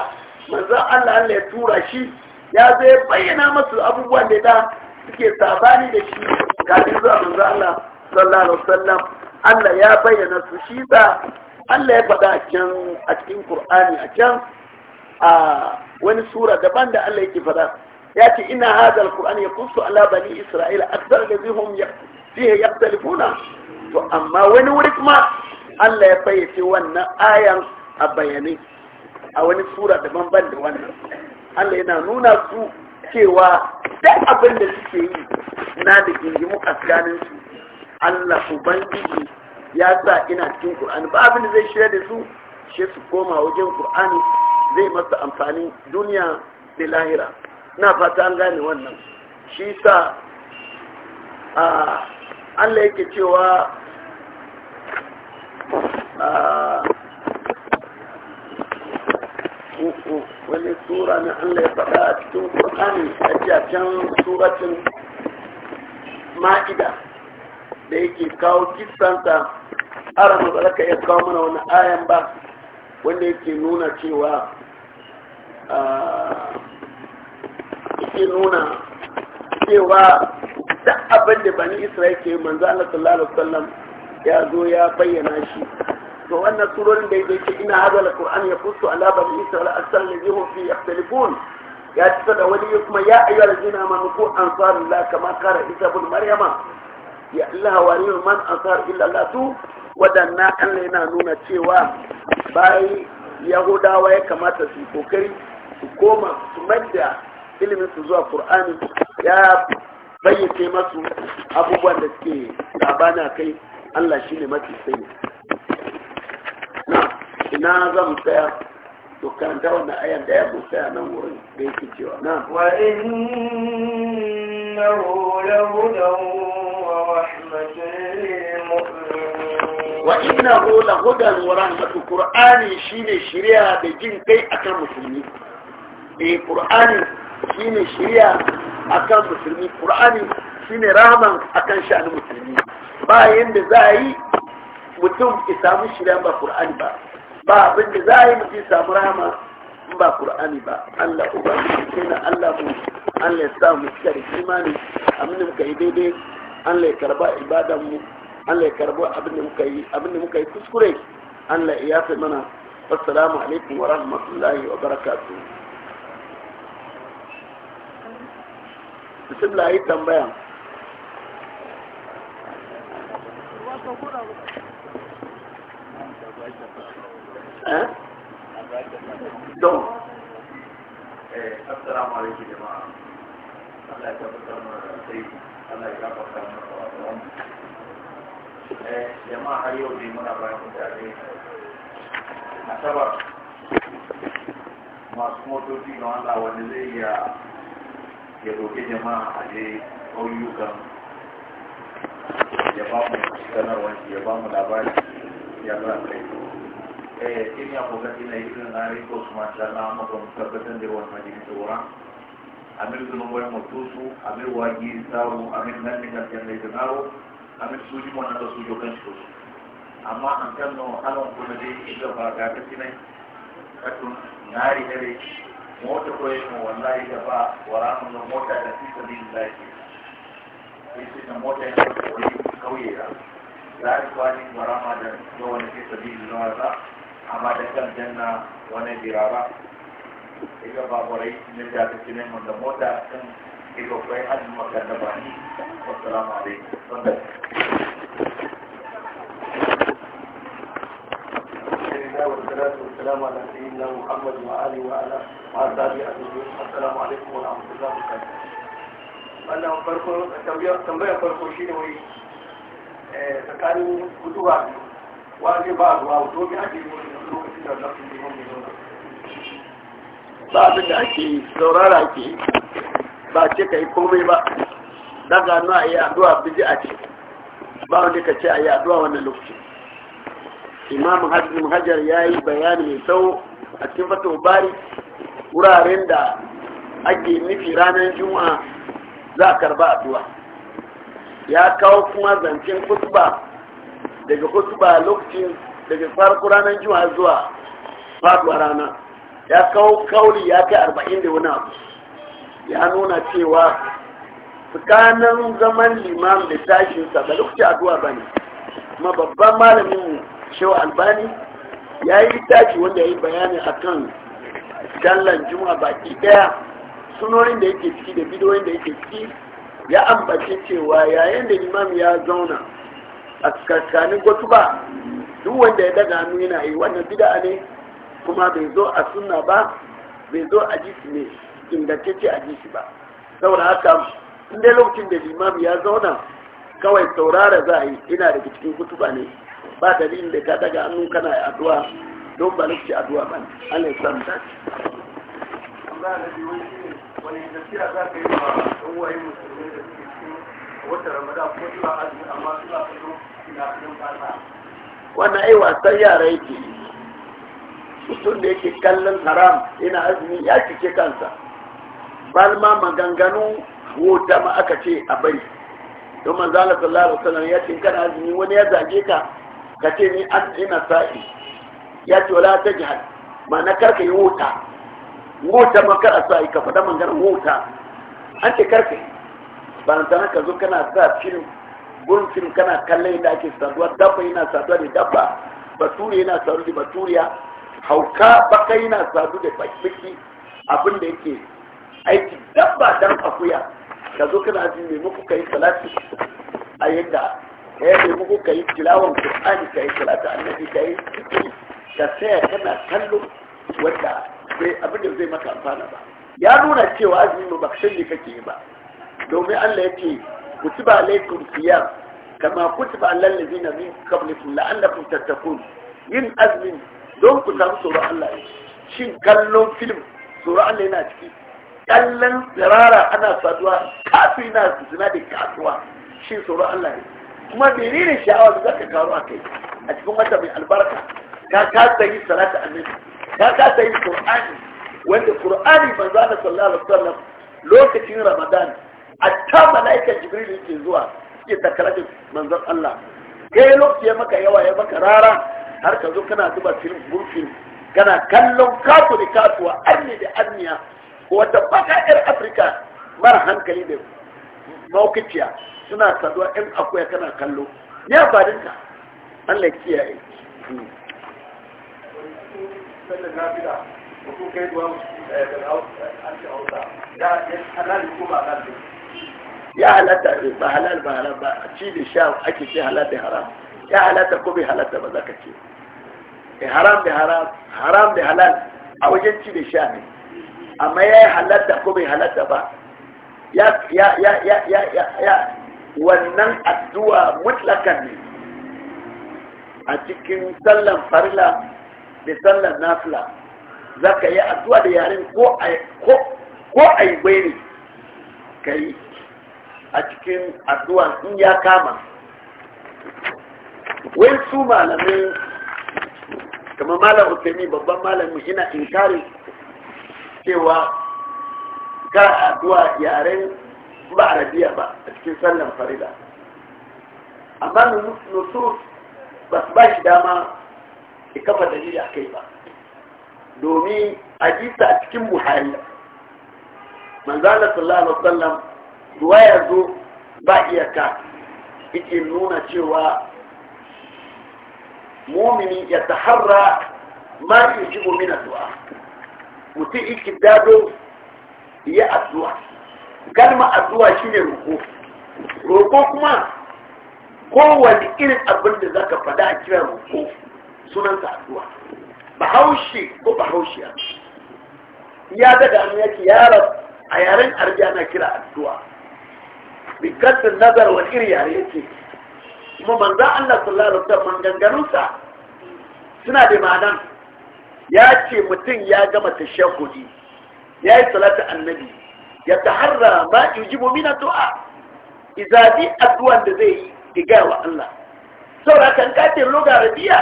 manzon Allah Allah ya tura shi ya zai bayyana masu abubuwan da da suke sabani da shi kafin zuwa manzon Allah sallallahu Allah ya bayyana su shi sa Allah ya faɗa a can a cikin Qur'ani a can a wani sura daban da Allah yake fada ya ce ina hada alkur'ani ya kusu ala bani isra'ila akthar ya fiye ya yaqtalifuna to amma wani wuri kuma Allah ya fayyace wannan ayan a bayanai. a wani sura daban ban da wannan Allah yana nuna su cewa duk abin da suke yi na da gingimu a su Allah ubangiji ya sa ina cikin Qur'ani ba abin da zai shirya da su shi su koma wajen Qur'ani zai masa amfani duniya da lahira na fata an gane wannan shi sa Allah yake cewa wani tura na Allah ya faɗa a cikin ƙwaƙani a jacen turacin ma'ida da yake kawo kisanta ara da ya kawo mana wani ayan ba wanda yake nuna cewa ke nuna cewa duk abin da bani isra'il ke manzo Allah sallallahu alaihi wasallam ya zo ya bayyana shi to wannan surorin da yake ina hadal qur'an ya kusu ala bani isra'il asal hum fi yakhtalifun ya tsada da wani kuma ya ayyuha allazina amanu ku ansarullah kama kara isa ibn maryama ya Allah waliyu man ansar illa Allah tu wadanna Allah yana nuna cewa bai yahudawa ya kamata su kokari su koma su madda ilimin su zuwa qur'ani ya bayyace masu abubuwan da suke labana kai Allah shine mafi sani na ina zan tsaya to karanta wannan ayan da ya tsaya nan wurin da yake cewa na wa innahu lahudan wa rahmatun lil mu'minin wa innahu lahudan wa rahmatun qur'ani shine shari'a da jin kai akan musulmi Eh, shi ne shirya a akan musulmi ƙur'ani shi ne rahman akan sha'anin musulmi ba yanda za a yi mutum ya samu shirya ba ƙur'ani ba ba abin da za a yi mutum samu rahama ba ƙur'ani ba Allah uba kenan Allah mu Allah ya sa mu cika da imani amin muka yi daidai Allah ya karba ibadan mu Allah ya karba abin da muka yi abin da muka yi kuskure Allah ya yafe mana assalamu alaikum wa rahmatullahi wa barakatuh bismillah yi tambaya don eh? eh, assalamu jama'a Allah ya Allah ya jama'a har yau ne muna bayan mutane asabar masu motoci ga wanda wani zai iya ya roƙi jama'a a je ƙauyukan ya ba mu sanarwar ya ba mu labari ya ba kai eh in ya kuka ina yi irin na riko su ma sha Allah amma mu tabbatar da wannan hadisi tsora amir zunun wani mutusu amir wagi sawu amir nan ne kan da ya zanaro, amir suji mu na da sujo kan shi amma an kan no alon kuma dai idan ba ga ta kasinai katun nari ne mota koyi mu wallahi da ba mun ramun mota da fi sabi lafi yace da mota ya koyi kauye da za ku wani warama da yawan fi sabi lafi amma da kan janna wani birara ita ba kwarai ne da ta kine mun da mota kan ita koyi hajji makar da bani wassalamu alaikum والصلاة والسلام على سيدنا محمد وعلى السلام عليكم farko shi ne wai tsakanin mutuwa wa ba zuwa bi ake yi lokacin da za su yi ba abin da ake yi saurara ake yi ba ce ka yi komai ba daga nuna a yi addu'a biji a ce ba wani ka ce a yi addu'a wannan lokacin imam hajjim hajar ya yi bayani mai tsawo a cikin fatan bari wuraren da ake nufi ranar juma'a za a karba addu'a ya kawo kuma zancen kutuba daga kutuba lokacin daga farko ranar juma'a zuwa faduwa rana ya kawo kauli ya kai arba'in da wani abu ya nuna cewa tsakanin zaman limam da tashinsa da lokacin addu'a ba ne kuma babban malamin mu shehu albani ya yi littafi wanda ya yi bayani a kan sallan juma baki daya sunoyin da yake ciki da bidoyin da yake ciki ya ambace cewa yayin da imam ya zauna a kaskanin ba. duk wanda ya daga hannu yana yi wannan bida ne kuma bai zo a sunna ba bai zo a jisi ne ingantacce a jisi ba saboda haka inda lokacin da limam ya zauna kawai saurara za a yi ina daga cikin kutuba ne ba dalilin da ka daga hannun kana addu'a don ba lokaci addu'a ba Allah ya wani za ka yi ma musulmi da suke cikin wata ramada ko suna azumi amma suna wannan ai wasan yara yake mutum da yake kallon haram yana azumi ya cike kansa balma maganganu wuta ma aka ce a bai don manzala sallallahu alaihi wasallam ya kana azumi wani ya zage ka ka ce ni an ina sa'i ya ce wala ta jihar ma na karka yi wuta wuta ma kar a sa'i ka faɗa magana wuta an ce karka yi ba na tana ka zo kana sa film gurin film kana kallon da ake saduwa dabba yana saduwa da dabba baturi yana saduwa da baturiya hauka baka yana sadu da baki abin da yake aiki dabba dan akuya ka zo kana jin me muku kai salati a yadda ka yi muku ka yi tilawan Kur'ani ka yi tilata annabi ka yi zikiri ka saya kana kallo wadda bai abin da zai maka amfana ba ya nuna cewa azumi mu ba ne kake yi ba domin Allah ya ce kutiba alaikum siyam kama kutiba alal ladina min qablikum la'allakum tattaqun yin azumin don ku samu tsoron Allah ne shin kallon film tsoron Allah yana ciki kallon tsirara ana saduwa kafin na zina da kasuwa shin tsoron Allah ne kuma menene sha'awa da zaka karu a kai a cikin wata mai albarka ka kasa yi salata annabi ka kasa yi qur'ani wanda qur'ani manzo Allah sallallahu alaihi wasallam lokacin ramadan hatta malaika jibril yake zuwa yake takarata manzon Allah kai lokaci ya maka yawa ya maka rara har ka zo kana zuba film burfin kana kallon kafu da kasuwa arni da arniya wata baka yar afirka mara hankali da maukaciya suna saduwa in akwai kana kallo ya farin ka Allah kiyaye eh, ya halatta eh, ba halal ba halal ba a ci da sha ake ce halal da haram ya halatta ko bai halatta ba za ka ce eh, haram da haram haram da halal a wajen ci da sha ne amma ya halatta ko bai halatta ba ya ya ya ya ya wannan addu'a mutlakan ne a cikin sallan farila da sallan nafila za ka yi addu'a da yaren ko a yi ne ka yi a cikin addu'a in ya kama wai su malamin kama malam hukumi babban malamin ina inkari cewa ka addu'a yaren ba arabiya ba a cikin sallan farida amma nusus ba su ba shi dama ya kafa dalili a kai ba domin hadisa a cikin buhari manzala sallallahu alaihi wasallam ruwa ya zo ba iyaka yake nuna cewa mumini ya taharra ma yujibu min addu'a mutum yake dado ya addu'a kalma addu'a shine roƙo roƙo kuma kowane irin abin da zaka fada a kira roƙo sunansa addu'a bahaushe ko Bahaushe. ya daga an yake yaron a yaren arji ana kira addu'a bikattin nazar wani iri yare yake kuma manzo Allah sallallahu alaihi wasallam maganganunsa suna da ma'ana ya ce mutum ya gama tashahudi ya yi salatu annabi yatahara ma yujibu min addu'a idza bi addu'an da zai yi ga wa Allah saura kan kace loga arabiya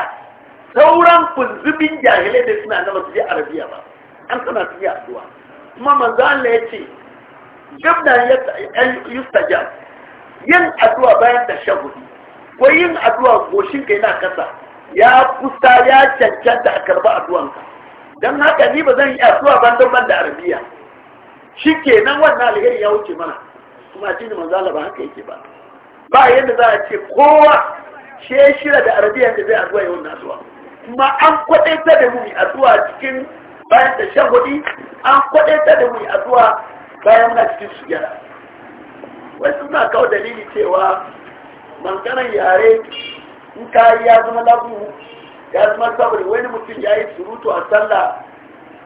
sauran kunzubin jahilai da suna nan su arabiya ba an kana su yi addu'a kuma manzo Allah ce. gabda ya yustajab yin addu'a bayan da shahudi ko yin addu'a goshin kai na kasa ya kusa ya cancanta a karba addu'anka. ka dan haka ni ba zan yi addu'a ban da arabiya shi kenan wannan alheri ya wuce mana kuma addini manzo ba haka yake ba ba yadda za a ce kowa she shira da arabiyan da zai azuwa yawon nasuwa kuma an kwadaita da mu zuwa cikin bayan da hudu an kwadaita da mu zuwa bayan na cikin wai wasu suna kawo dalili cewa manganan yare in ka ya zama labu ya zama saboda wani mutum ya yi surutu a sallah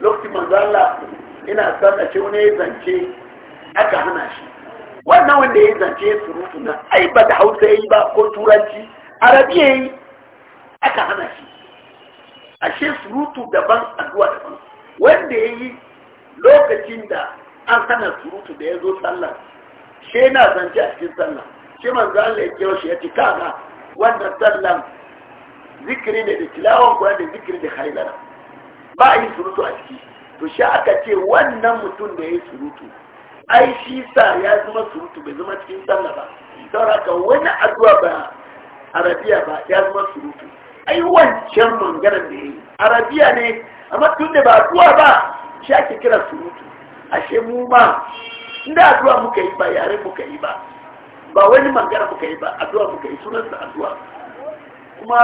lokacin manzala ina son a ce wani ya zance aka hana shi wannan wanda ya zance ya surutu na ai ba da hausa ya yi ba ko turanci ya yi aka hana shi a ashe surutu daban addu'a daban wanda ya yi lokacin da an hana surutu da ya zo sallah shi na zance a cikin sallah shi man Allah ya kira shi ya ci kama wannan sallan zikiri ne da tilawan Qur'ani da zikiri da hailala ba a yi surutu a ciki to shi aka ce wannan mutum da ya surutu ai shi sa ya zama surutu bai zama cikin sallah ba ka wani addu'a ba arabiya ba ya zama surutu ai wancan mangana da ya yi arabiya ne amma tun da ba addu'a ba shi ake kira surutu ashe mu ma inda addu'a muka yi ba yare muka yi ba ba wani mangana muka yi ba addu'a muka yi sunansa addu'a kuma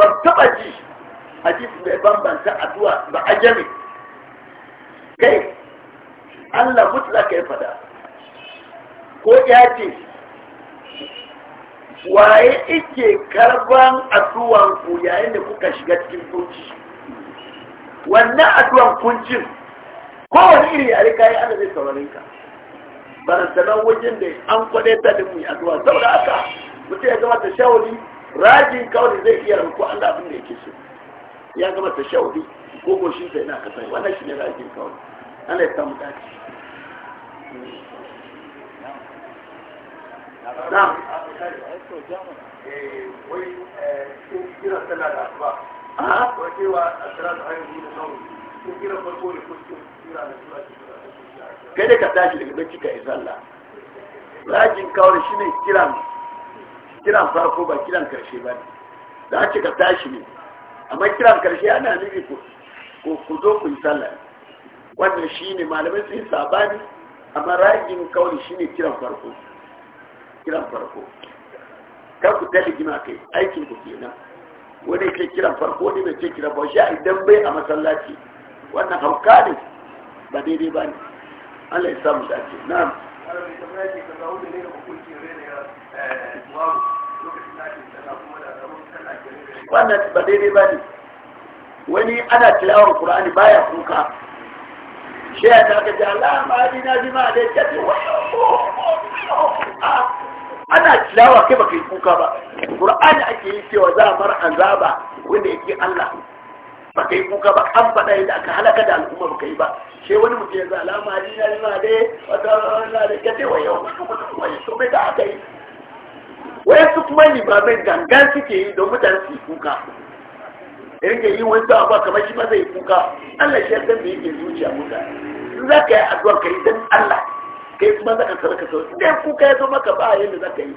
ban taba ji hadisi mai bambanta addu'a ba ajami kai Allah mutlaka ya fada ko ya ce waye ike karban addu'an ku yayin da kuka shiga cikin kunci wannan addu'an kuncin kowane iri a rika yi allah zai saurin ka Barazanar wajen da an kwade ta da mu addu'a saboda haka mutum ya gama ta shawari rajin kawai zai iya ranku Allah abin da yake so ya gama ta shawari ko shi sa na kasa wannan shi ne ra'ayin kawai ana ya samu dace na ko ko kai ka tashi daga bacci ka yi sallah rajin kawai ne kiran kiran farko ba kiran karshe ba ne za a ka tashi ne amma kiran karshe ana nufi ko ko ku zo ku yi sallah wannan ne malamai sun yi sabani amma ra'ayin kawai shi ne kiran farko kiran farko kar ku tali gima kai aikin ku kenan wani ke kiran farko ne mai ce kiran farko shi a idan bai a masallaci wannan hauka ne ba daidai ba ne Allah ya samu dace na wannan ba daidai ba ne wani ana tilawar qur'ani baya kuka shi ya ta gaji alama ya dina zima ji ma da ana tilawa kai baka yi kuka ba qur'ani ake yi cewa za a an azaba wanda yake Allah baka yi kuka ba an faɗa yadda aka halaka da al'umma baka yi ba shi wani mutum ya zala ma ni na a dai wata rana da kace wayo wayo to me da aka yi ba kuma limamai gangan suke yi don mutane su kuka rike yi wani da abuwa kamar shi ba zai kuka Allah shi ya san da yake zuciya muka in za ka yi addu'a ka yi don Allah kai kuma za ka sarka sau da kuka ya zo maka ba a yadda za ka yi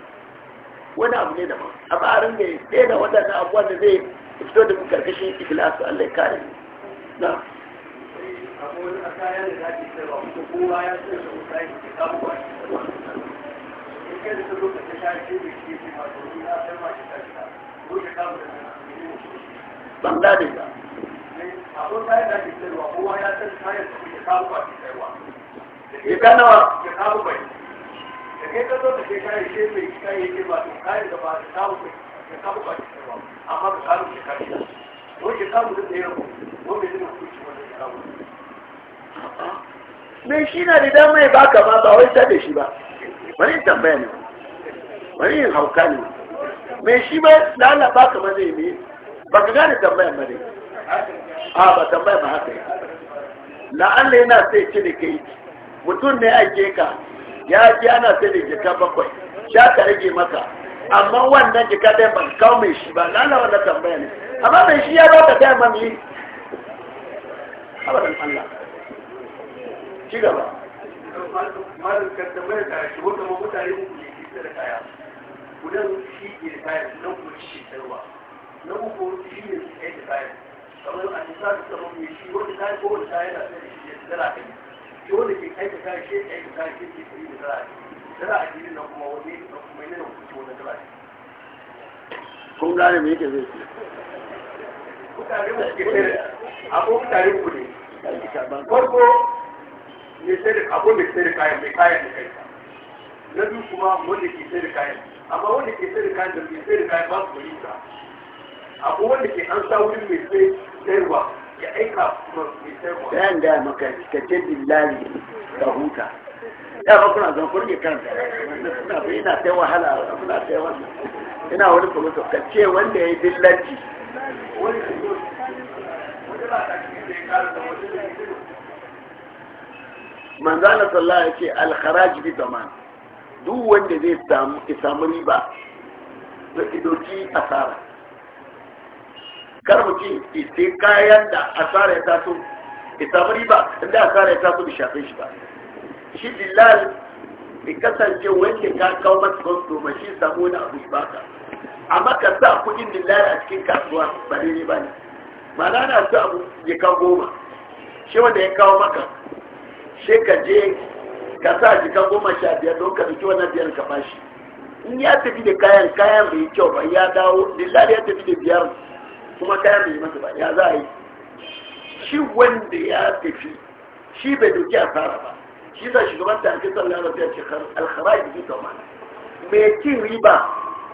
wani abu ne da ba a ringa yi ɗaya da waɗannan abuwa da zai fito da mu karkashin ikilasu Allah ya kare mu na Thank you. ban gane ba ya ka nawa ya kawo bai da ka zo da kai kayan shi mai kayan yake ba to kayan da ba da kawo bai ya kawo ba amma da kawo ya kashi ya ko ya kawo da tsaye ko ko bai zina kuci wanda ya kawo mai shi na da dama ya baka ma ba wai da shi ba wani tambaya ne wani hauka ne mai shi ba lalaba kamar zai ne ba ka gane tambayar ba dai a ba tambayar ba haka la'alla yana sai ce da kai mutum ne ake ka ya ji ana sai da jika bakwai sha ka rage maka amma wannan jika dai ba kawo mai shi ba lalawa na tambaya ne amma mai shi ya zo ka ɗaya mami abadan Allah ci gaba malin ka da shi wanda mutane uku ne ke tsara kaya kudan shi ke kaya kudan kuma shi ke tsarwa na uku shi ne su kai da kayan kamar a nisa da saman mai shi wanda ta yi kowace ta yi. sai da shi da zara kai shi wanda ke kai da kayan shi kai da kayan shi ke kai da zara kai zara a jini nan kuma wani na kuma yana na wani zara kai kun gane me yake zai ce mutane mu ke sai akwai mutane ku ne farko ne sai da mai sai kayan mai kayan da kai na biyu kuma wanda ke sai kayan amma wanda ke sai kayan da ke sai kayan ba su fahimta abu wanda ke an sa wurin mai sai sayarwa ya aika mai sayarwa da yan gaya maka cikakken billahi ka huta ya ba kuna zan kurge kanta suna bai ina sai wahala suna sai wannan ina wani kuma to ka ce wanda ya yi dillanci manzana sallah ya ce alkharaj bi zaman duk wanda zai samu riba da idoki asara kar mu ce ita kayan da asara ya taso ya samu riba inda asara ya taso da shafin shi ba shi dillal bai kasance wanda ka kawo masa kwasto ma shi samu wani abu ba ka amma ka sa kudin dillal a cikin kasuwa ba ne ba ne ma'ana na su abu ya kan goma shi wanda ya kawo maka shi ka je ka sa kan goma sha biyar don ka ɗauki wannan biyar ka bashi in ya tafi da kayan kayan bai kyau ba ya dawo dillal ya tafi da biyar kuma kayan bai masa ba ya za a yi shi wanda ya tafi shi bai doki a fara ba shi sa shugaban tarihin sallah na zai ce alkharai da zuwa mana mai cin riba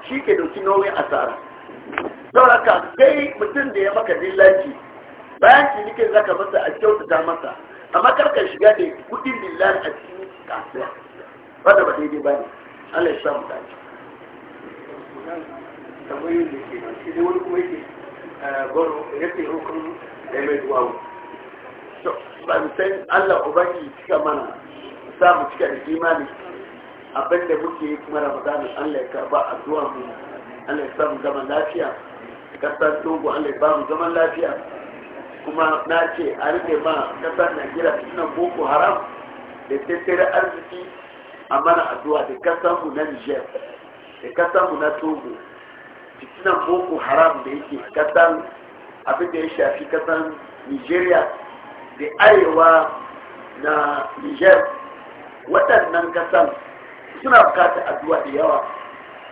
shi ke doki nauyin asara don haka kai mutum da ya maka dillanci bayan nike za ka masa a kyautata masa amma karka shiga da kudin dillari a cikin kasuwa wadda ba daidai ba ne allah ya samu dace tambayoyin da ke nan sai dai wani kuma yake gwaro ya fi hukun da mai duwawu ban san allah ubangi cika mana sa mu cika da imani abinda muke yi kuma ramadanin allah ya karba addu'a mu allah ya samu zaman lafiya kasar togo allah ya bamu zaman lafiya kuma na ce a rike ma kasar najeriya sunan boko haram da tattare arziki a mana addu'a da kasar mu na niger da kasar mu na togo fitinan boko haram da yake kasan abin da ya shafi kasan nigeria da arewa na niger waɗannan kasan suna bukata addu'a da yawa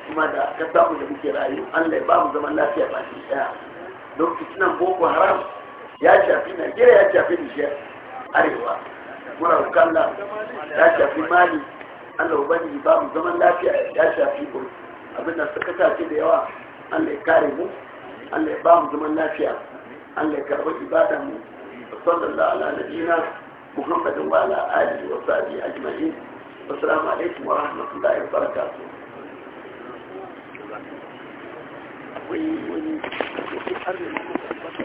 kuma da kasan da muke rayu an lai ba mu zaman lafiya ba shi daya don fitinan boko haram ya shafi nigeria ya shafi niger arewa muna hukalla ya shafi mali allah ubangiji ba mu zaman lafiya ya shafi abin da suka tafi da yawa Allah ya kare mu Allah ya ba mu zaman lafiya Allah ya karɓi ibada mu sallallahu ala nabiyina muhammadin wa ala alihi wa sahbihi ajma'in assalamu alaikum wa rahmatullahi wa barakatuh